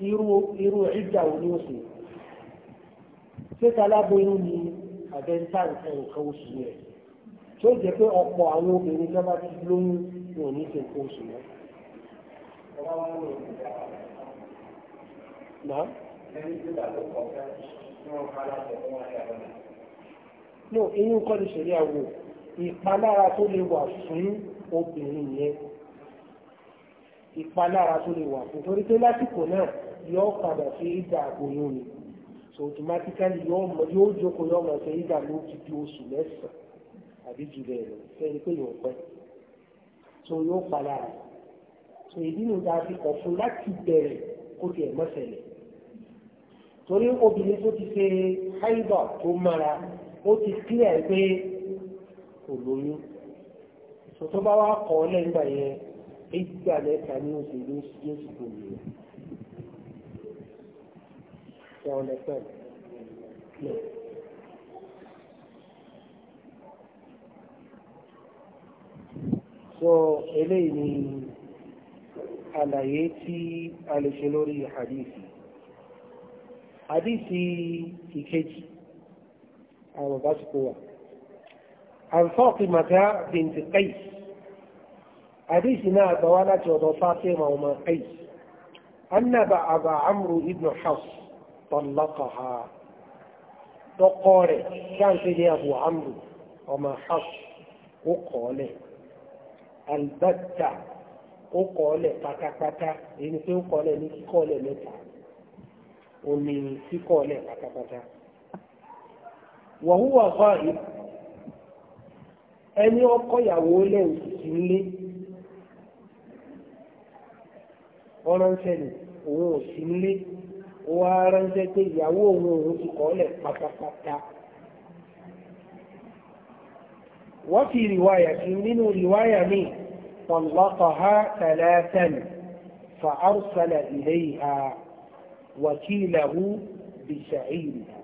irú irú ìjà wo ni ó ṣe ṣé taláboyún ni àbẹ́ńtà nǹkan nǹkan oṣù rẹ̀ tó jẹ́ pé ọ̀pọ̀ àwọn obìnrin tó bá ti lóyún ni ò ní ṣe nǹkan oṣù rẹ̀. Nàá. No, eyín kọ́ ni ṣẹ̀rí àwò ìpalára tó lè wà fún obìnrin yẹn. Ìpalára tó lè wà fún torí pé lásìkò náà yóò padà sí ìgbà àgbòyún ni so automatically yóò jókòó yóò máa ṣe ìgbà ló ti di oṣù mẹ́sàn-án àbí jù bẹ́ẹ̀ lọ sẹ́ni pé yóò pẹ́ so yóò padà so ìdí nu ta fi kọ̀ fún láti bẹ̀rẹ̀ kó tiẹ̀ mọ́ ṣẹlẹ̀ torí obìnrin tó ti ṣe haidọ̀ tó mara ó ti clear pé kò lóyún so tó bá wá kọ́ lẹ́gbàá yẹn ìgbà mẹ́ta ní oṣù ló sì kò can understand. No. So eléyìí ni àlàyé tí a lè ṣe lórí hadithi. Hadithi ìkejì, àwọn bá ti kó wà. عن فاطمة بنت قيس حديثنا طوالت وضفاتهم وما قيس أن أبا عمرو بن حفص tọ́lákọ̀ha tọ́kọ́ rẹ̀ ṣáǹtẹ́ ní abu amru ọmọ hafs ó kọ́ lẹ̀ albatta ó kọ́ lẹ̀ pátápátá èyí ni pé ó kọ́ lẹ̀ ní kíkọ́ lẹ̀ mẹ́ta omi kíkọ́ lẹ̀ pátápátá wàhúwà báyìí ẹni ọkọ lẹ́yìn sí ilé ọ̀rọ̀ ń ṣẹlẹ̀ òun ò sí ilé ó wá ránṣẹ́ pé ìyàwó òun òun ti kọ́ lẹ̀ pátápátá. wọ́n fi rìwáyà sí nínú rìwáyà mi طلقها ثلاثا فأرسل إليها وكيله بشعيرها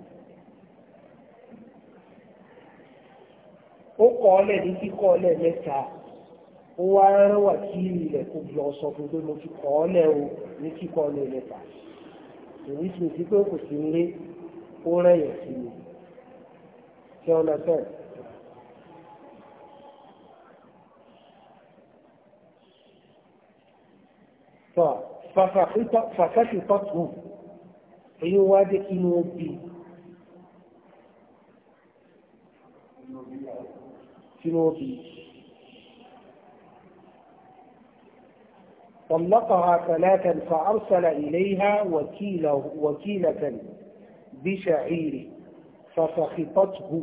ó kọ́ ọ́lẹ̀ ní kíkọ́ ọ́lẹ̀ mẹ́ta ó wá rán wàkílì rẹ̀ kó lọ sọ fún pé mo ti kọ́ ọ́lẹ̀ o ní kíkọ́ ọ́lẹ̀ mẹ́ta èyí sì sí pé kò sí nílé ó rẹ̀yìn sí mi ṣé ọ lọ sẹ́ẹ̀. tọ́ fàfàkì tọ́tù èyí wá dé inú obì inú obì. طلقها ثلاثا فأرسل إليها وكيله وكيلة بشعير فسخطته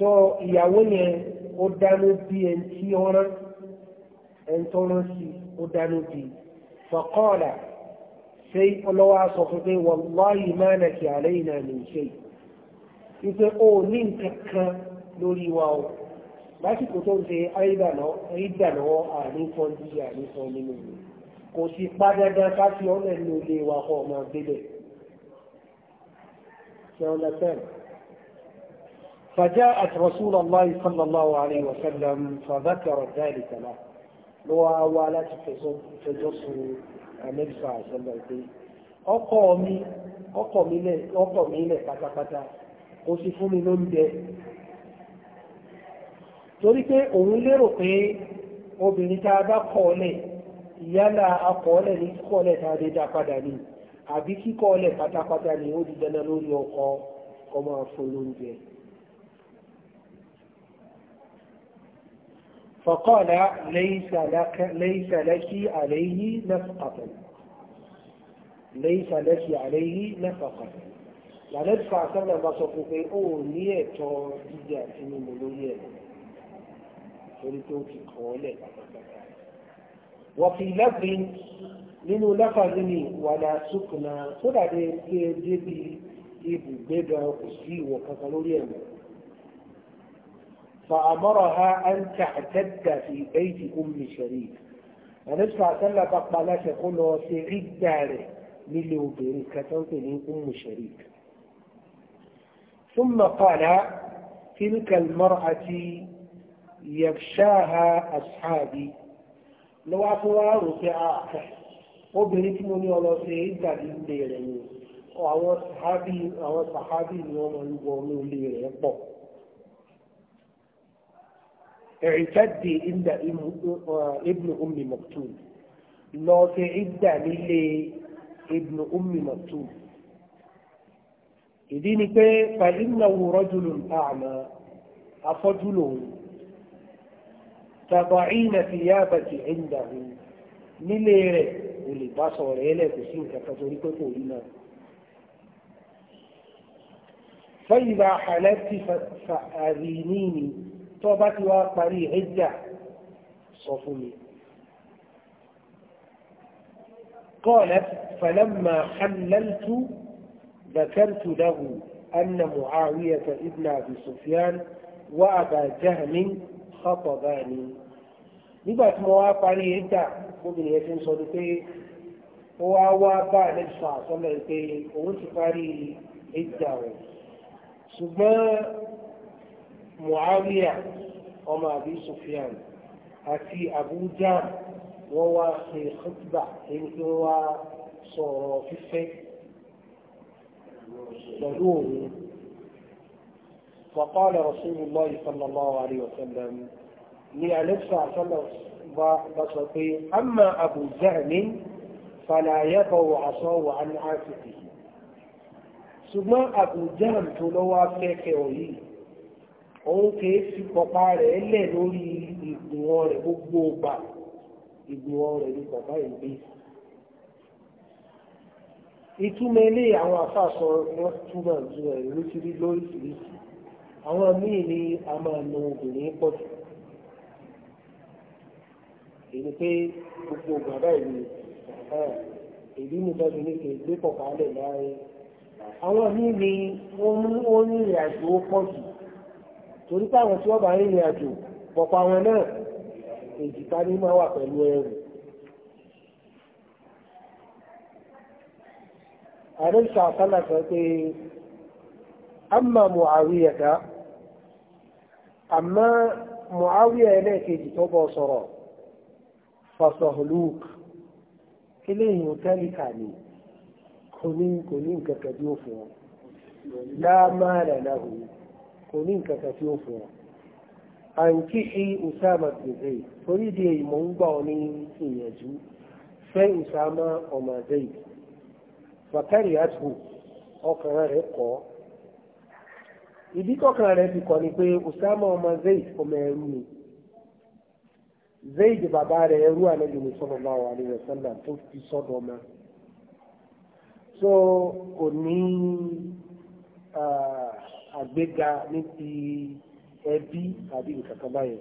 so ìyàwó yẹn ó dáná bí ẹn tí ó rán ẹn tó rán sí ó dáná bí fọkọ́ọ̀là ṣe ọlọ́wọ́ aṣọ fún pé wàláyé máa nà kí àlẹ́ ìnà lè ṣe ìpé ó ní nǹkan kan lórí wa o. lásìkò tó ń ṣe àìdà lọ́wọ́ àníkan jíjẹ àníkan nínú ìlú kò sí pa dandan ká fi ọ́nà ní ilé wa kọ́ ọmọ gbélẹ̀ فجاءت رسول الله صلى الله عليه وسلم فذكرت ذلك له ló wá wá láti fẹjọ́ sun amẹ́ríkà àṣẹlẹ̀ pé ọkọ mi ọkọ mi lẹ̀ pátápátá kò sí fún mi lóúnjẹ torí pé òun lérò pé obìnrin tá a bá kọ̀ọ̀lẹ̀ ìyálà akọ̀ọ̀lẹ̀ ní kíkọ̀ọ̀lẹ̀ tá a lè dá padà ní àbí kíkọ̀ọ̀lẹ̀ pátápátá ni ó di dandan lórí ọkọ ọmọ àfọlóúnjẹ. فقال ليس لك ليس لك عليه نفقة ليس لك عليه نفقة لأن ادفع سنة بصفه في أول نية جدا في من torí pé ó ti kọ́ ọ lẹ̀ pátápátá. wọ́n fi lẹ́gbìn nínú lẹ́fàdé ni wàdà sùkùnà sódà dé pé débi ibùgbé gan kò sí ìwọ̀ kankan lórí ẹ̀mọ́. فأمرها أن تعتد في بيت أم شريك ẹ̀rẹ́sọ̀ àtẹ́lá bá pa láti kó lọ sí ìdá rẹ̀ nílé obìnrin kan tó ń pè ní Umm Sharik. ثم قال تلك المرأة yẹ̀ṣáha àṣàbí lọ́wọ́ tó wá obìnrin tí mo ní ọlọ́sẹ̀ ìgbàdí ilé rẹ̀ ni àwọn sàhábì àwọn sàhábì ni máa ń wọ ummi maktum lọ nílé ummi maktum ìdí ni pé lòun تضعين ثيابك عنده لليره ولباس وليله تسيرك كذلك تقولين فإذا حلفت فأذينيني توبتي وأقبلي عدة صفوني قالت فلما حللت ذكرت له أن معاوية ابن أبي سفيان وأبا جهل ọkọ̀ báyìí ni nígbà tí mo wá parí ẹ̀dà obìnrin yẹn ti ń sọ ni pé ó wá wá bá àlẹ́sọ àsọ́lẹ̀ pé òun ti parí ẹ̀dà rẹ̀ ṣùgbọ́n muawiya ọmọ àbí sufiyan àti abuja wọ́n wá ṣe khutba èyí tí wọ́n wá sọ̀rọ̀ fífẹ́ pẹ̀lú òun. وقال رسول الله صلى الله عليه وسلم لألفع صلى بسطي أما أبو زعم فلا يضع عصاه عن عاتقه ثم أبو زعم تلوى فكره òun kìí fi pọ̀pá rẹ̀ lẹ̀ lórí ìgbìmọ̀ rẹ̀ gbogbo ọgbà ìgbìmọ̀ rẹ̀ ní pọ̀pá ìgbé. ìtumọ̀ àwọn afáàsọ wọn túmọ̀ ju ẹ̀ lóṣìṣẹ́ lóríṣiríṣi. àwọn míì ni a máa lo obìnrin pọ̀ jù èyí pé gbogbo bàbá ìlú èyí ni tọ́jú ní kì í gbé pọ̀ láàrin àwọn míì ni wọ́n mú orin àjò pọ̀ jù torí táwọn tí wọ́n bá rìnrìn àjò pọ̀pọ̀ àwọn náà èjìká ní máa wà pẹ̀lú ẹrù. àmọ́ Muawiya ẹlẹ́ẹ̀kejì tó bọ́ sọ̀rọ̀ fasahluk eléyìí òtẹ́lìkà ni kò ní kò ní nǹkan kan tí ó fún ọ láàmà lẹ́láhù kò ní nǹkan kan tí ó fún ọ àǹkíṣí Usama gbèsè torí di èyí mò ọ ní ìyànjú ìdí tọkàn rẹ̀ fi kọ̀ ni pé Usama ọmọ Zaid ọmọ ẹrú ni Zaid bàbá rẹ̀ ẹrú àlejò ní sallallahu alaihi wasallam tó fi sọ́dọ̀ ọmọ so kò ní àgbéga ní ti ẹbí àbí nǹkan báyìí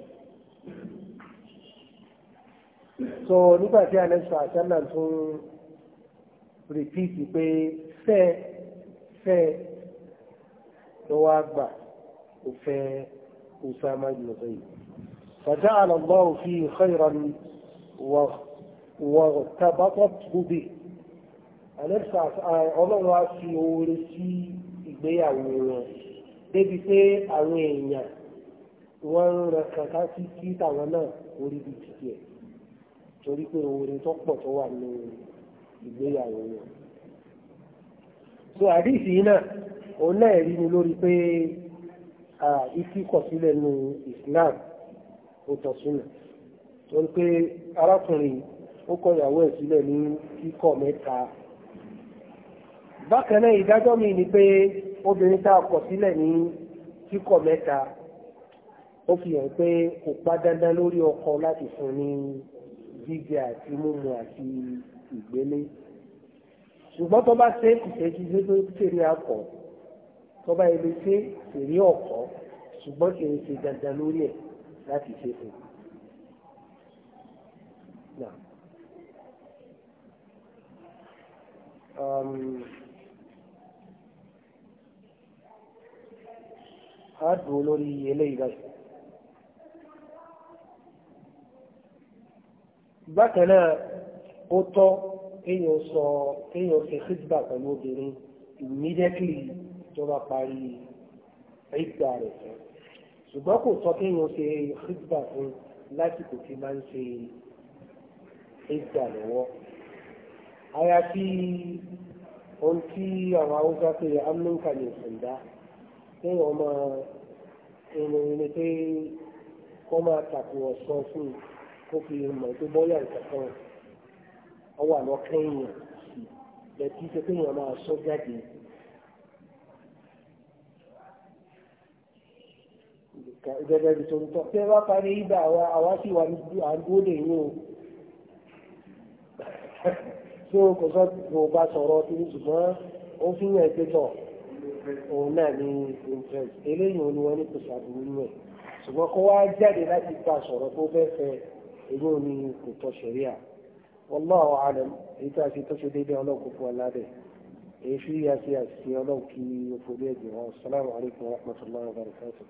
so nígbà tí alẹ́sọ̀ àṣálà tún rìpíìtì pé fẹ́ fẹ́ lọ́wọ́ àgbà ó fẹ́ Usama ibn Zayd فجعل الله فيه خيرا واغتبطت به àlẹ́sà ọlọ́run á fi oore sí ìgbéyàwó wọn débi pé àwọn èèyàn wọ́n ń ran kàkà sí kí tàwọn náà orí bí títí ẹ̀ torí pé oore tó pọ̀ tó wà ní ìgbéyàwó wọn. so àdìsí náà òun náà rí ni lórí pé ìkíkọ̀sílẹ̀ nu Islam ó tọ́ súnà torí pé arákùnrin ó kọ ìyàwó ẹ̀ sílẹ̀ ní kíkọ̀ mẹ́ta bákan náà ìdájọ́ mi ni pé obìnrin tá a kọ̀ sílẹ̀ ní kíkọ̀ mẹ́ta ó fi hàn pé kò pa dandan lórí ọkọ láti fún ní jíjẹ àti mímu àti ìgbélé ṣùgbọ́n tó bá ṣe é kùsẹ́ jíjẹ tó ṣe ní tọ́ba ẹni ṣe èrè ọ̀kọ́ ṣùgbọ́n kì í ṣe dandan lórí ẹ̀ láti ṣe fún un. Um, a dùn lórí eléyìí báyìí. bákan náà ó tọ́ kéèyàn sọ kéèyàn ṣe fídíbà pẹ̀lú obìnrin immediately tó bá parí ìgbà rẹ̀ tán ṣùgbọ́n kò sọ kí wọ́n ṣe ìgbà fún lásìkò tí máa ń ṣe ìgbà lọ́wọ́ àyàfi ohun tí àwọn haúsá pé amúnkà ní ìsìndá pé wọ́n máa ìrìnrìn pé kó máa tàkù ọ̀sán fún kó fi mọ̀ pé bọ́yà ìkẹ̀kọ́ ọwà lọ́kẹ́yìn sí lẹ́tí pé kéèyàn máa sọ jáde gẹ́gẹ́ bí tó ń tọ́ pé wá parí ibà àwa sì wà ní àdúgbò lè yín o tí o kò sọ kò bá sọ̀rọ̀ tí ní ṣùgbọ́n ó fi yàn pé tọ̀ òun náà ní interest eléyìí ni wọ́n ní kò ṣàbùrú nù ẹ̀ ṣùgbọ́n kó wá jáde láti bá sọ̀rọ̀ tó fẹ́ fẹ́ èmi ò ní kò tọ́ ṣẹ̀ríà wallahu alam èyí tí a ti tọ́ṣe déédéé ọlọ́run fún wa èyí fi yà sí àṣìṣe ọlọ́run kí o ẹ̀jẹ̀ wọn assalamu alaikum warahmatullahi wabarakatuh.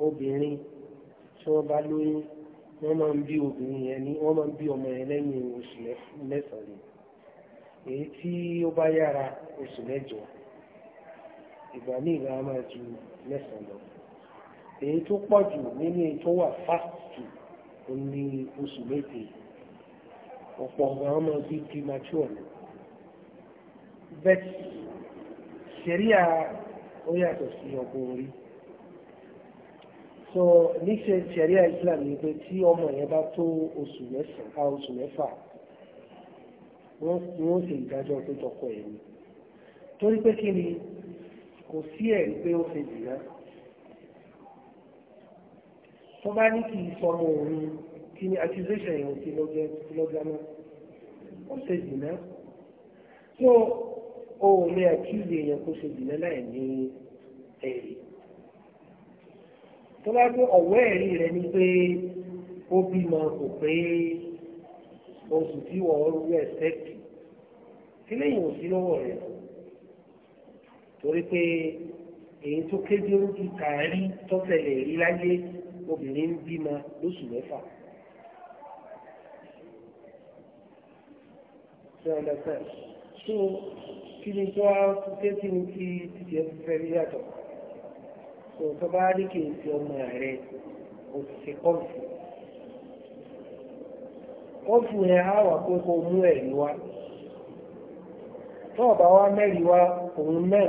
obìnrin tí wọ́n bá lóyún wọ́n máa ń bí obìnrin yẹn ní wọ́n máa ń bí ọmọ yẹn lẹ́yìn oṣù mẹ́sàn-án èyí tí ó bá yára oṣù mẹ́jọ ìgbà ní ìgbà máa ju mẹ́sàn-án lọ èyí tó pọ̀ jù nínú èyí tó wà fásitì ní oṣù méje ọ̀pọ̀ ọ̀gá ọmọ bíi premature ni bẹ́ẹ̀ sẹ́ríà ó yàtọ̀ sí ọgbọ́n orí so níṣe ṣẹ̀ríà islam ni pé tí ọmọ yẹn bá tó oṣù mẹ́sàn-án oṣù mẹ́fà wọ́n ṣe ìdájọ́ pé tọkọ ẹ̀ ni torí pé kí ni kò sí ẹ̀rí pé ó ṣe jìnnà tó bá ní kì sọmọ òun kí ni accusation yẹn ti lọ́jọ́ náà ó ṣe jìnnà so òun ni accuse yẹn kó ṣe jìnnà láì ní ẹ̀rí tó bá pé ọ̀wọ́ ẹ̀rí rẹ̀ ni pé ó bímọ kò pé oṣù tí wọ́n rú ẹ̀sẹ̀kì kí lẹ́yìn òsì lọ́wọ́ rẹ̀ torí pé èyí tó kéde orúkú kàárí tọ́tẹ̀lẹ̀ rí láyé obìnrin ń bímọ lóṣù mẹ́fà. so kí ni tó á ké kí ni ti tiẹ̀ fẹ́ rí yàtọ̀ kò tó bá rí kì í fi ọmọ rẹ kò sì fi kọ́ọ̀fù kọ́ọ̀fù yẹn á wà pé kó mú ẹ̀rí wá tó ọ̀bá wá mẹ́rin wá òun náà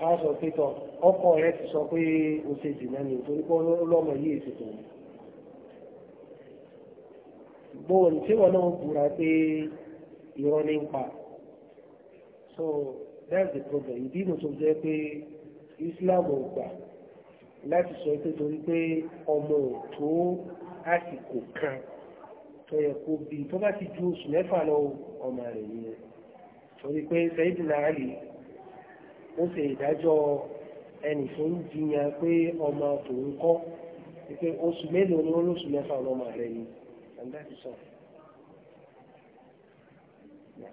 á sọ pé tọ̀ ọkọ rẹ ti sọ pé o ṣe jìnnà ni torí pé ọlọ́mọ yìí ti tò bóòlù tí wọn náà búra pé irọ́ ní ń pa so that's the problem ìdí inú tó jẹ́ pé Islam ò gbà láti sọ pé torí pé ọmọ ò tó àsìkò kan tó yẹ kó bí tó bá ti ju oṣù mẹ́fà lọ ọmọ rẹ̀ yẹn torí pé Sayyidina Ali ó ṣe ìdájọ́ ẹnì tó ń jiyàn pé ọmọ tòun kọ́ pé oṣù mélòó ni ó lóṣù mẹ́fà lọ́mọ rẹ̀ yẹn and that is all. Yeah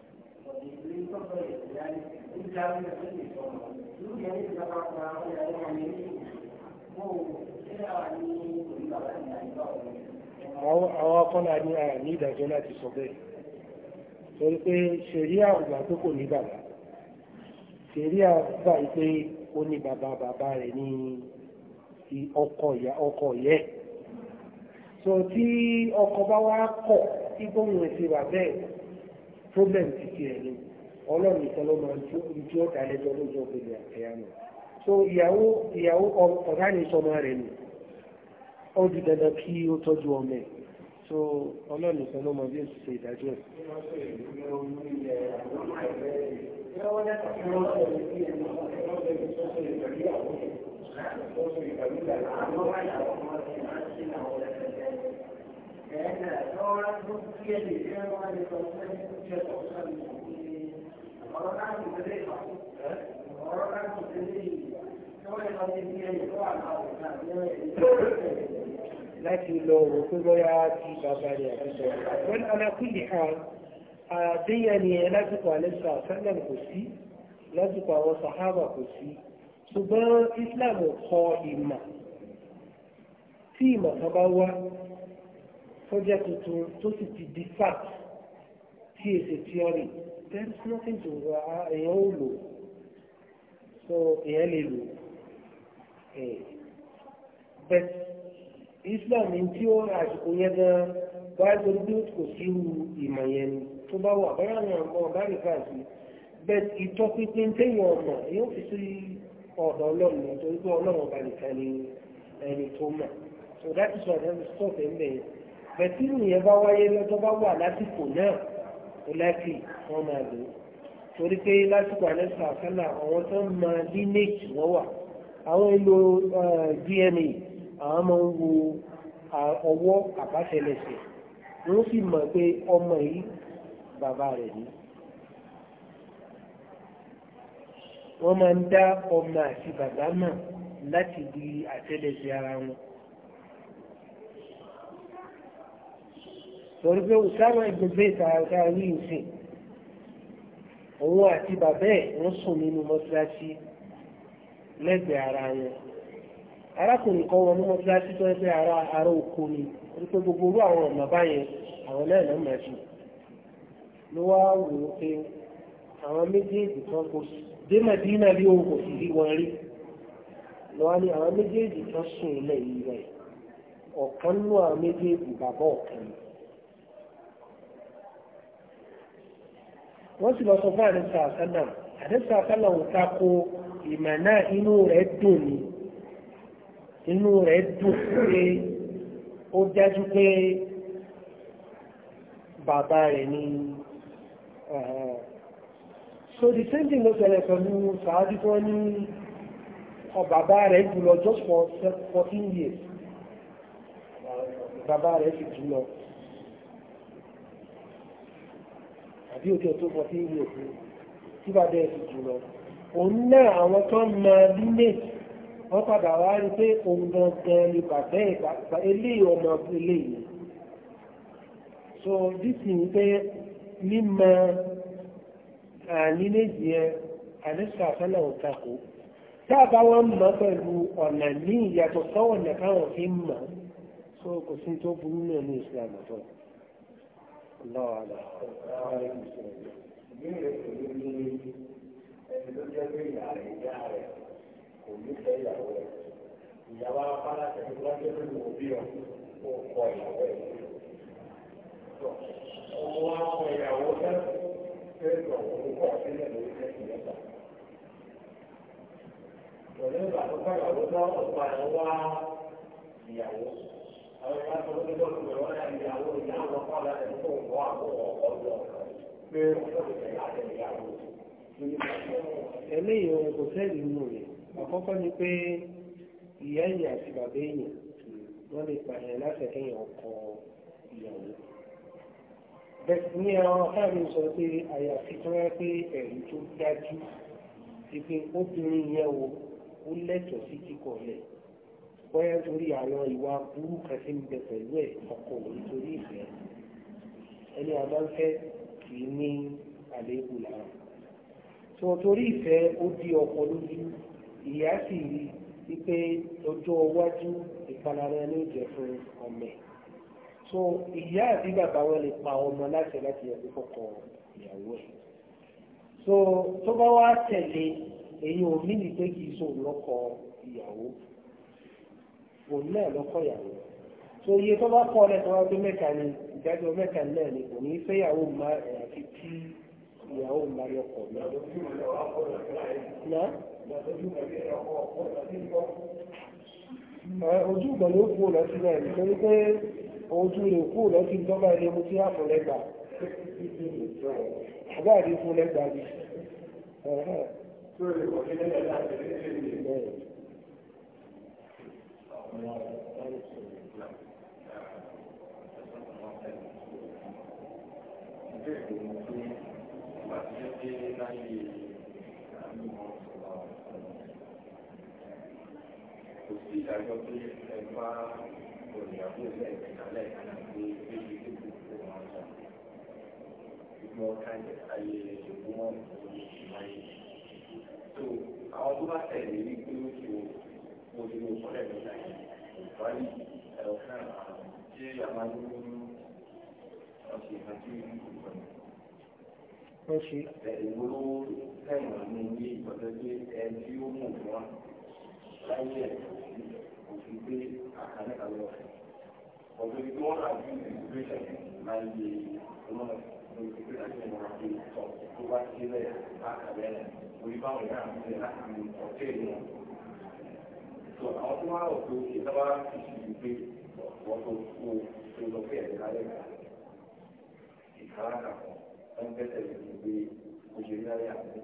àwọn akọ́nà ní a ní ìdájọ́ láti sọ bẹ́ẹ̀ torí pé ṣèrí àgbà tó kò ní bàbá ṣèrí àgbà pé ó ní bàbá bàbá rẹ̀ ní ọkọ ìyá ọkọ ìyẹ́ so tí ọkọ bá wá kọ̀ tí bóun ẹ̀sìn wà bẹ́ẹ̀ problem ti tiẹ̀ ni ọlọ́run ìtọ́lọ́mọ tí ó lójú ọ̀gbẹ̀lẹ̀ àtẹ̀yà náà so ìyàwó ìyàwó ọ̀gá ní sọmọ rẹ̀ ni ó di dandan kí ó tọ́jú ọmọ ẹ̀ so ọlọ́run kan ló mọ bí èsì ṣe ìdájọ́ ẹ̀. Thank you ọ̀rọ̀ láti ṣe ní láti lọ wò pé bóyá ti bàbá rẹ̀ àtúntò. wọ́n alákùnlé kan àdéyàní ẹ̀ lásìkò àlẹ́sà sálẹ̀ kò sí lásìkò àwọn sàhábà kò sí ṣùgbọ́n Islam kọ ìmọ̀ tí ìmọ̀ kan bá wá tó jẹ́ tuntun tó sì ti di fact tí èsè tíọ́rì there is nothing to so èèyàn lè lò islam ní tí ó àsìkò yẹn gan wáyé torí bí kò sí irú ni tó bá wà báyà ní àwọn ọba rẹ̀ káàkiri bẹ́ẹ̀ ìtọ́pinpin téèyàn ọmọ yóò fi sí ọ̀dọ̀ ọlọ́run nítorí pé ọlọ́run ni so that is why i stop ẹ̀ ń bẹ̀yẹn bẹ́ẹ̀ tí ìrìn yẹn bá torí pé lásìkò àlẹ́sà àkálà àwọn tó ń mọ lineage wọ́n wà àwọn èlò DNA àwọn máa ń wo ọwọ́ àbáṣẹlẹsẹ̀ wọ́n sì mọ̀ pé ọmọ yìí bàbá rẹ̀ ni. wọ́n máa ń dá ọmọ àti bàbá náà láti di àtẹ́lẹsẹ̀ ara wọn. torí pé òṣàwọn ẹgbẹ̀gbẹ̀ ìta ara rí ìsìn. òun àti bàbá ẹ̀ wọ́n sùn nínú mọ́síláṣí lẹ́gbẹ̀ẹ́ ara wọn arákùnrin kan wọnú mọ́síláṣí tó ẹgbẹ́ ara ara òkú ni wípé gbogbo orú àwọn ọ̀nà báyẹn àwọn náà lọ́ mọ̀ jù ló wá wò ó pé àwọn méjèèjì kan kò dé màdínà bí òun kò sì rí wọn rí lọ́wọ́ ni àwọn méjèèjì kan sùn lẹ́yìn rẹ̀ ọ̀kan àwọn méjèèjì bàbá ọ̀kan ni. wọ́n sì lọ sọ fún àdẹ́sà àsálà àdẹ́sà àsálà ò tako ìmọ̀ náà inú rẹ̀ dùn ni inú rẹ̀ dùn pé ó dájú pé bàbá rẹ̀ ni eh, so the same thing ló ṣẹlẹ̀ pẹ̀lú sàájú tó ní bàbá rẹ̀ jùlọ just for fourteen years bàbá rẹ̀ sì jùlọ. àbí òkè tó fọ sí ìwé òkú tí bàbá ẹ̀ sì jù lọ. òun náà àwọn tó ń na lílé wọ́n padà wá rí pé òun gangan ni bàbá ẹ̀ bàbá eléyìí ọmọ eléyìí. so dísì ń pé mímọ àníléjì ẹ àlẹ́sà sálà ò takò tá a bá wọn mọ pẹ̀lú ọ̀nà ní ìyàtọ̀ sọ́wọ́n nìkan ò fi mọ̀ so kò sí tó burú náà ní ìsìlámù tó náà ìyàwó rẹ̀ ìyàwó afárá tẹ̀lé ìyàwó wá ìyàwó eléyìí ohun kò sẹ́ẹ̀lì nù rẹ̀ àkọ́kọ́ ni pé ìyá ẹ̀yìn àti bàbá èèyàn wọ́n lè pààyàn láti ẹ̀kẹ́yìn ọkọ ìyàwó bẹ́ẹ̀ ní àwọn afáàmì sọ pé àyàfi tí wọ́n pé ẹ̀rí tó dájú ti pé obìnrin yẹn o ó lẹ́tọ̀ọ́ sí kíkọ̀ lẹ̀ bóyá torí àwọn ìwà burú kẹsí ń bẹ pẹ̀lú ẹ̀ ọkọ̀ nítorí ìfẹ́ ẹni àbáfẹ́ kì í ní àléébù lára tí wọ́n torí ìfẹ́ ó di ọkọ̀ lójú ìyá sì rí i pé ọjọ́ iwájú ìpalára ní ìjẹ fún ọmọ ẹ̀ so ìyá àti bàbá wọn lè pa ọmọ láti láti ẹbí kọkọ ìyàwó ẹ̀ so tó bá wá tẹ̀lé èyí ò ní ní kì í sòun lọ́kọ ìyàwó òun náà lọ́kọ̀ ìyàwó tó bá kọ́ lẹ́tọ́ ọdún mẹ́ta ni ìdájọ́ mẹ́ta náà ni kò ní fẹ́yàwó ma àti tí ìyàwó ma yọ kọ̀ lọ. ojú ìgbọ̀n ló kú lọ sí náà nítorí pé ojú rẹ̀ kú lọ sí ìjọba ilé mu tí a fún lẹ́gbà àbá àdé lẹ́gbà bí kò àwọn tó bá tẹ̀lé ní pé ó ti wo mo ti wo kọ́lẹ̀ lọ́dà yẹn báyìí ẹ̀rọ fẹ́ràn tí àmà ní ọ̀sẹ̀ ìrántí ìgbà ó ṣe ẹ̀wọ́ ló fẹ́ràn ní ilé ìgbọ́dọ̀ pé ó mú fún wa láyé ẹ̀ kò fi pé àkàlẹ́ àlọ́ ọ̀gbìn tí wọ́n rà bí ìgbésẹ̀ láyé ọlọ́run ló ti pé láti mọ̀ àti ìtọ̀ tó bá sílẹ̀ àkàlẹ́ orí báwọn ìyá àti ìlànà ọ̀tẹ́ẹ̀lì wọn tó àwọn tó wá òkú ìjọba ìṣèlú pé wọ́n tó kó tó lọ pé ẹ̀ka lẹ́ka ìkárà kàkọ́ wọ́n fẹ́sẹ̀ lè fi gbé òṣèré láyé àgbẹ̀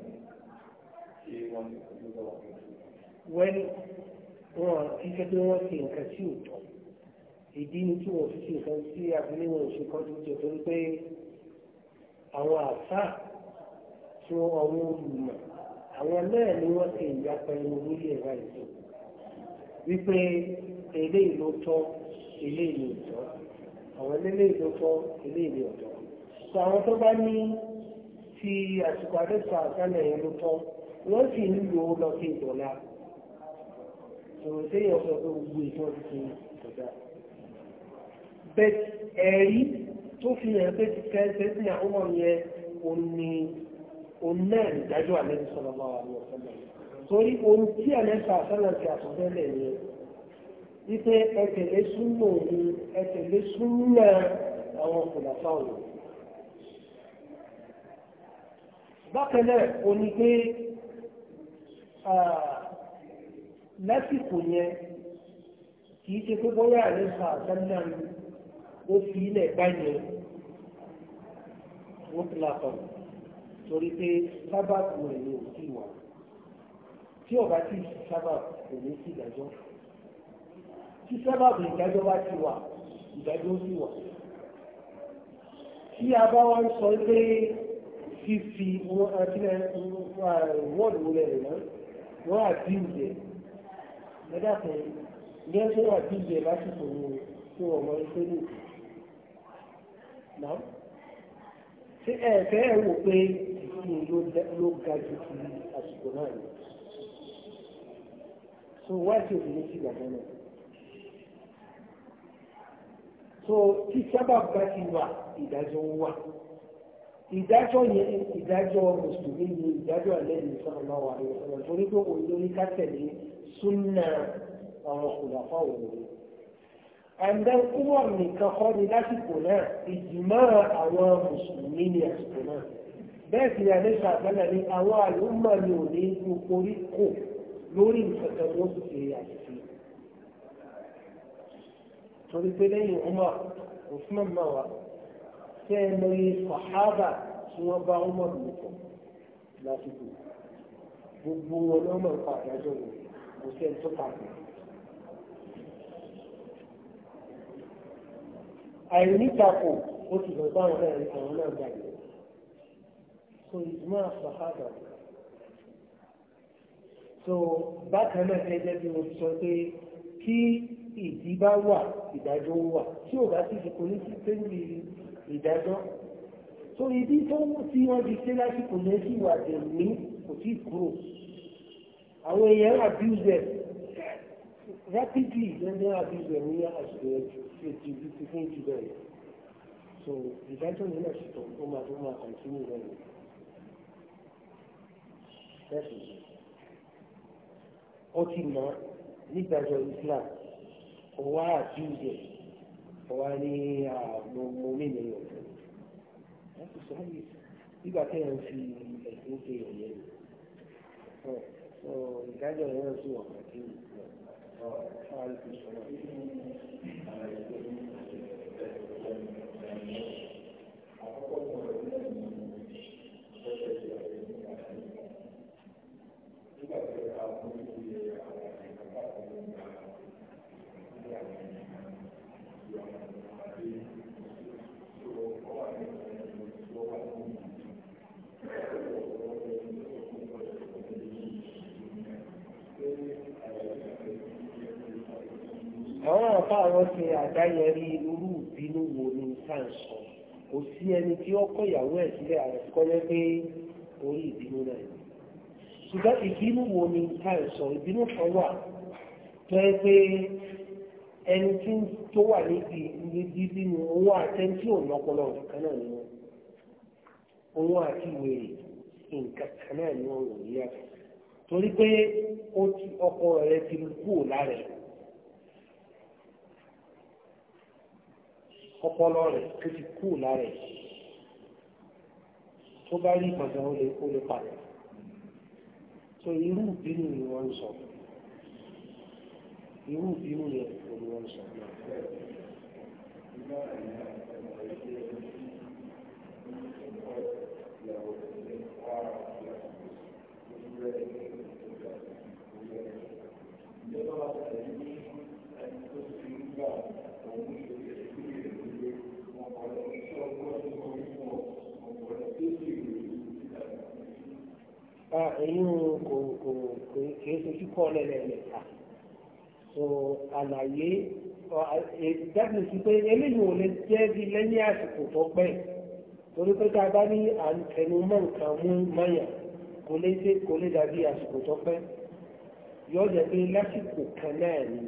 ṣé wọ́n ti kọjú bọ̀ wọ́n. wẹ́n wọn kíkẹ́ pé wọ́n ti nǹkan sí òótọ́ ìdí ni tí wọ́n fi ṣe nǹkan sí abúlé wọn ṣe kọjú jẹ pé àwọn àṣà tí wọ́n ọmọ olùmọ̀ àwọn náà ni wọ́n ti ìyapa ẹnu lórí ẹ̀rọ ìṣòwò wípé eléyìí ló tọ́ eléyìí ló tọ́ àwọn eléyìí ló tọ́ eléyìí ló tọ́ sọ àwọn tó bá ní ti àsìkò àdẹ́sà àgbàlẹ̀ yẹn ló tọ́ wọ́n sì ń lò ó lọ sí ìdọ̀la sọ̀rọ̀ séyàn sọ pé gbogbo ìtọ́ ti ṣe ìdọ̀la bẹ́ẹ̀ ẹ̀rí tó fi hàn pé ti kẹ́sẹ̀ sí àwọn ọmọ yẹn òun náà ìdájọ́ àlẹ́ sọ̀rọ̀ bá wà ní ọ̀sán náà torí ohun tí ẹ̀mẹ́fà sọ́nà ti àtúntẹ́lẹ̀ ni wípé ẹtẹ̀lé súnmọ̀ ni ẹtẹ̀lé súnmọ̀ àwọn kùnàfà òun. bákan náà o ní pé lásìkò yẹn kì í ṣe pé bóyá ẹ̀mẹ́fà sọ́nà ni ó fi ilẹ̀ báyìí wọ́n ti la torí pé sábà kù rẹ̀ ni ò sí wà tí ọ̀gá tí sábà kò ní sí ìdájọ́ tí sábà ìdájọ́ bá ti wà ìdájọ́ sì wà tí a bá wá ń sọ pé fífi wọ́ọ̀dù wọlé rẹ̀ náà wọ́n àti ìjẹ́ ẹ̀dá ní ẹgbẹ́ wà ìjẹ́ lásìkò ní tí wọ́n mọ iṣẹ́ ní ìjẹ́ náà ṣé ẹ̀ẹ́fẹ́ ẹ̀ wò pé ìfún ló ga jù sí àsìkò náà yìí so wájú òbí méjì gbàgbọ́ náà so tí sábà bá ti wà ìdájọ́ ń wà ìdájọ́ yẹn ìdájọ́ mùsùlùmí ni ìdájọ́ alẹ́ ní sọ́nà wà ní ọ̀sán torí pé òun lórí ká tẹ̀lé súnà àwọn kùnàfà òwúrọ̀ àǹdán kúmọ̀ nìkan kọ́ ni lásìkò náà ìjìmọ́ àwọn mùsùlùmí ni àsìkò náà bẹ́ẹ̀ sì ni àlẹ́ sàgbọ́nà ni àwọn àlùmọ̀ ni ò ní orí kò lórí ìfẹ̀tẹ̀ wọ́n sì ṣe àṣìṣe. torí pé lẹ́yìn Umar Usman máa wá tẹ́ ẹ lọ yẹ sàhábà tí wọ́n bá Umar lòpọ̀ lásìkò gbogbo wọn ni wọ́n máa ń pa àdájọ́ wọn kò sẹ́ni tó pàdé. àìníkàkò ó ti lọ bá àwọn náà àwọn náà gbàgbé. so ìjùmọ̀ àṣàhábà rẹ̀ so bákan náà ẹgbẹ́ bí mo sọ pé kí ìdí bá wà ìdájọ́ wà tí ò bá sì fi kòní sí péńdì ìdájọ́ so ìdí tó tí wọ́n fi ṣe lásìkò yẹn sì wà dé ní kò sí kúrò àwọn èèyàn abuse ẹ̀ rapidly lẹ́nu abuse ẹ̀ ní àṣìṣe ètò ìlú ti fún jù bẹ́ẹ̀ so ìdájọ́ yẹn náà ṣètò ó máa tó máa kàn sí nìyẹn ó ti nígbàjọ Islam òwá àti ìjẹ òwá ní àmọ́ mímì rẹ̀ láti sọ yìí nígbà téèyàn fi ẹ̀sìn ṣe ìyẹn rẹ̀ ìdájọ́ yẹn sì wà pàtó Thank you. káwọn ṣe àdáyẹrí irú ìbínú wo ni tá à ń sọ kò sí ẹni tí ó kọ ìyàwó ẹ̀ sílẹ̀ àkọlẹ́ pé orí ìbínú náà ṣùgbọ́n ìbínú ni ń sọ ìbínú kan wà tó yẹ pé ẹni tí tó wà níbi níbi owó àtẹ́ntì òun ọpọlọ nǹkan náà ni wọn àti nǹkan kan ni wọn wò torí pé ọkọ rẹ ti lára ọpọlọ rẹ̀ tó ti kú lára ẹ̀ tó bá rí ìpàdé ó lè ó lè padà so irú ìbínú ni wọ́n ń sọ irú ìbínú ni wọ́n ń sọ náà. ẹ̀yìn kò kò kìí sojú kọ́ lẹ́lẹ́lẹ́ta so àlàyé jáde sí pé eléyìí ò lè jẹ́ bí lẹ́yìn àsìkò tó pẹ́ torí pé tá a bá ní àtẹnu mọ́ nǹkan mú mọ́yà kò lè dé kò lè dàbí àsìkò tó pẹ́ yóò jẹ́ pé lásìkò kan náà ni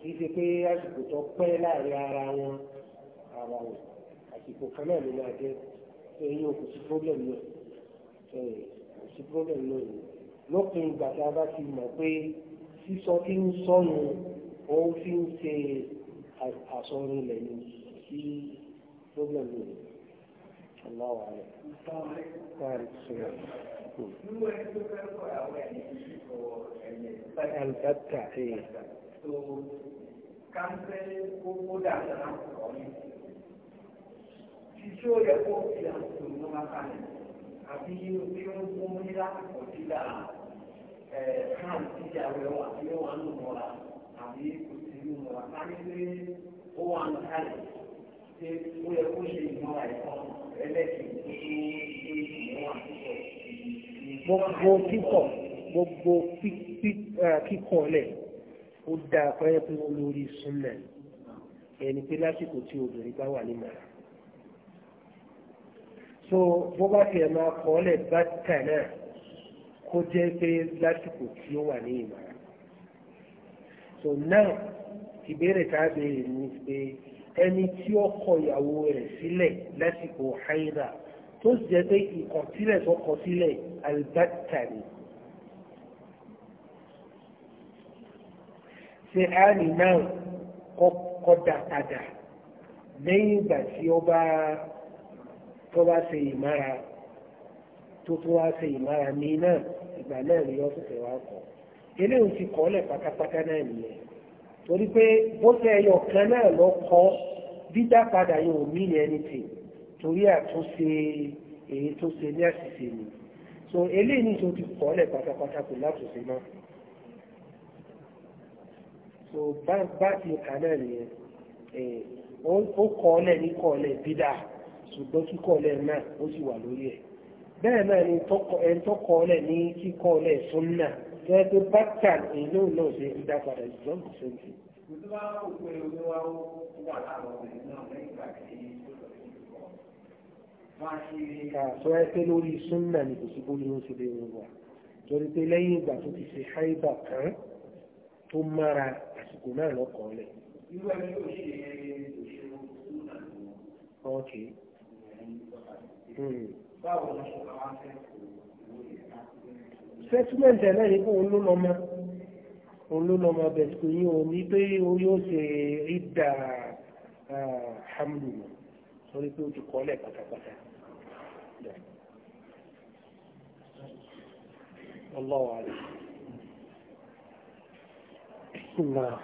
kìí ṣe pé àsìkò tó pẹ́ láàrin ara wọn ara wọn àsìkò kan náà ló máa jẹ́ ẹ̀yìn òkùnkùn fúlẹ̀ mi sí problem lónìí lópin ìgbà tá a bá ti mọ̀ pé sísọ tí ń sọnù òun fi ń ṣe àsọrin lẹ́yìn sí problem lónìí. الله أعلم. البتة إيه. Ṣíṣó yẹ kó fi àtúntò ní wọn bá ní àbí tí ó ń kó ní láti pọ̀ síta káàdì tíjà rẹ̀ wà tí ó wà nù mọ́ra àbí kò sí nù mọ́ra káàdì pé ó wà nù káàdì pé ó yẹ kó ṣe ìmọ̀ra ẹ̀kọ́ ẹlẹ́sìn ní ìmọ̀ra púpọ̀. gbogbo kíkọ gbogbo kíkọ lẹ ó dáa pé ó lórí súnlẹ̀ ẹni pé lásìkò tí obìnrin bá wà ní mọ́ra so bó bá tiẹ̀ máa kọ́ ọ́ lẹ̀ bákan náà kó jẹ́ pé lásìkò tí ó wà ní ìmọ̀ràn so náà ìbéèrè tá a béèrè ni pé ẹni tí ó kọ ìyàwó rẹ̀ sílẹ̀ lásìkò haida tó sì jẹ́ pé ìkọ̀sílẹ̀ tó kọ sílẹ̀ albata ni. ṣe á náà kọ́ da padà lẹ́yìn ìgbà tí ó bá tó bá ṣe ìmára tó tó wá ṣe ìmára mi náà ìgbà náà ni wọ́n tẹ̀sẹ̀ wá kọ́ eléyìí ti kọ́ lẹ̀ pátápátá náà nìyẹn torí pé bó ṣe ẹyọ kan náà lọ kọ́ dídá padà yóò mí ní ẹni tì torí àtúnṣe èyí tó ṣe ní àṣìṣe ni so eléyìí ni tó ti kọ́ lẹ̀ pátápátá kò látúnṣe náà so bá ti kà náà nìyẹn ó kọ́ lẹ̀ ní kọ́ lẹ̀ dídá ṣùgbọ́n kíkọ́lẹ̀ náà ó sì wà lórí ẹ̀ bẹ́ẹ̀ náà ni ẹni tó kọ́lẹ̀ ní kíkọ́lẹ̀ súnnà tó yẹ pé bákà ìlú náà ṣe ń dá padà ìjọba ìṣẹ́jú. sọ ẹ lórí súnnà ni kò sí bó ní ó ṣe lè rìn wà torí pé lẹ́yìn ìgbà tó ti ṣe háìbà kan tó mára àsìkò náà lọ́kọ̀ọ́lẹ̀. irú ẹni tó ṣe é ṣe é ṣe ó súnnà ni báwo ni ṣe máa ń fẹ́ sẹ́tímẹ̀ntì ẹ̀ lẹ́yìn fún olólọ́mọ olólọ́mọ bẹ̀sùkù yìí ò ní pé yóò ṣe ìdà hamlin sórí pé ó ti kọ́lẹ̀ pátápátá. الله أعلم. بسم الله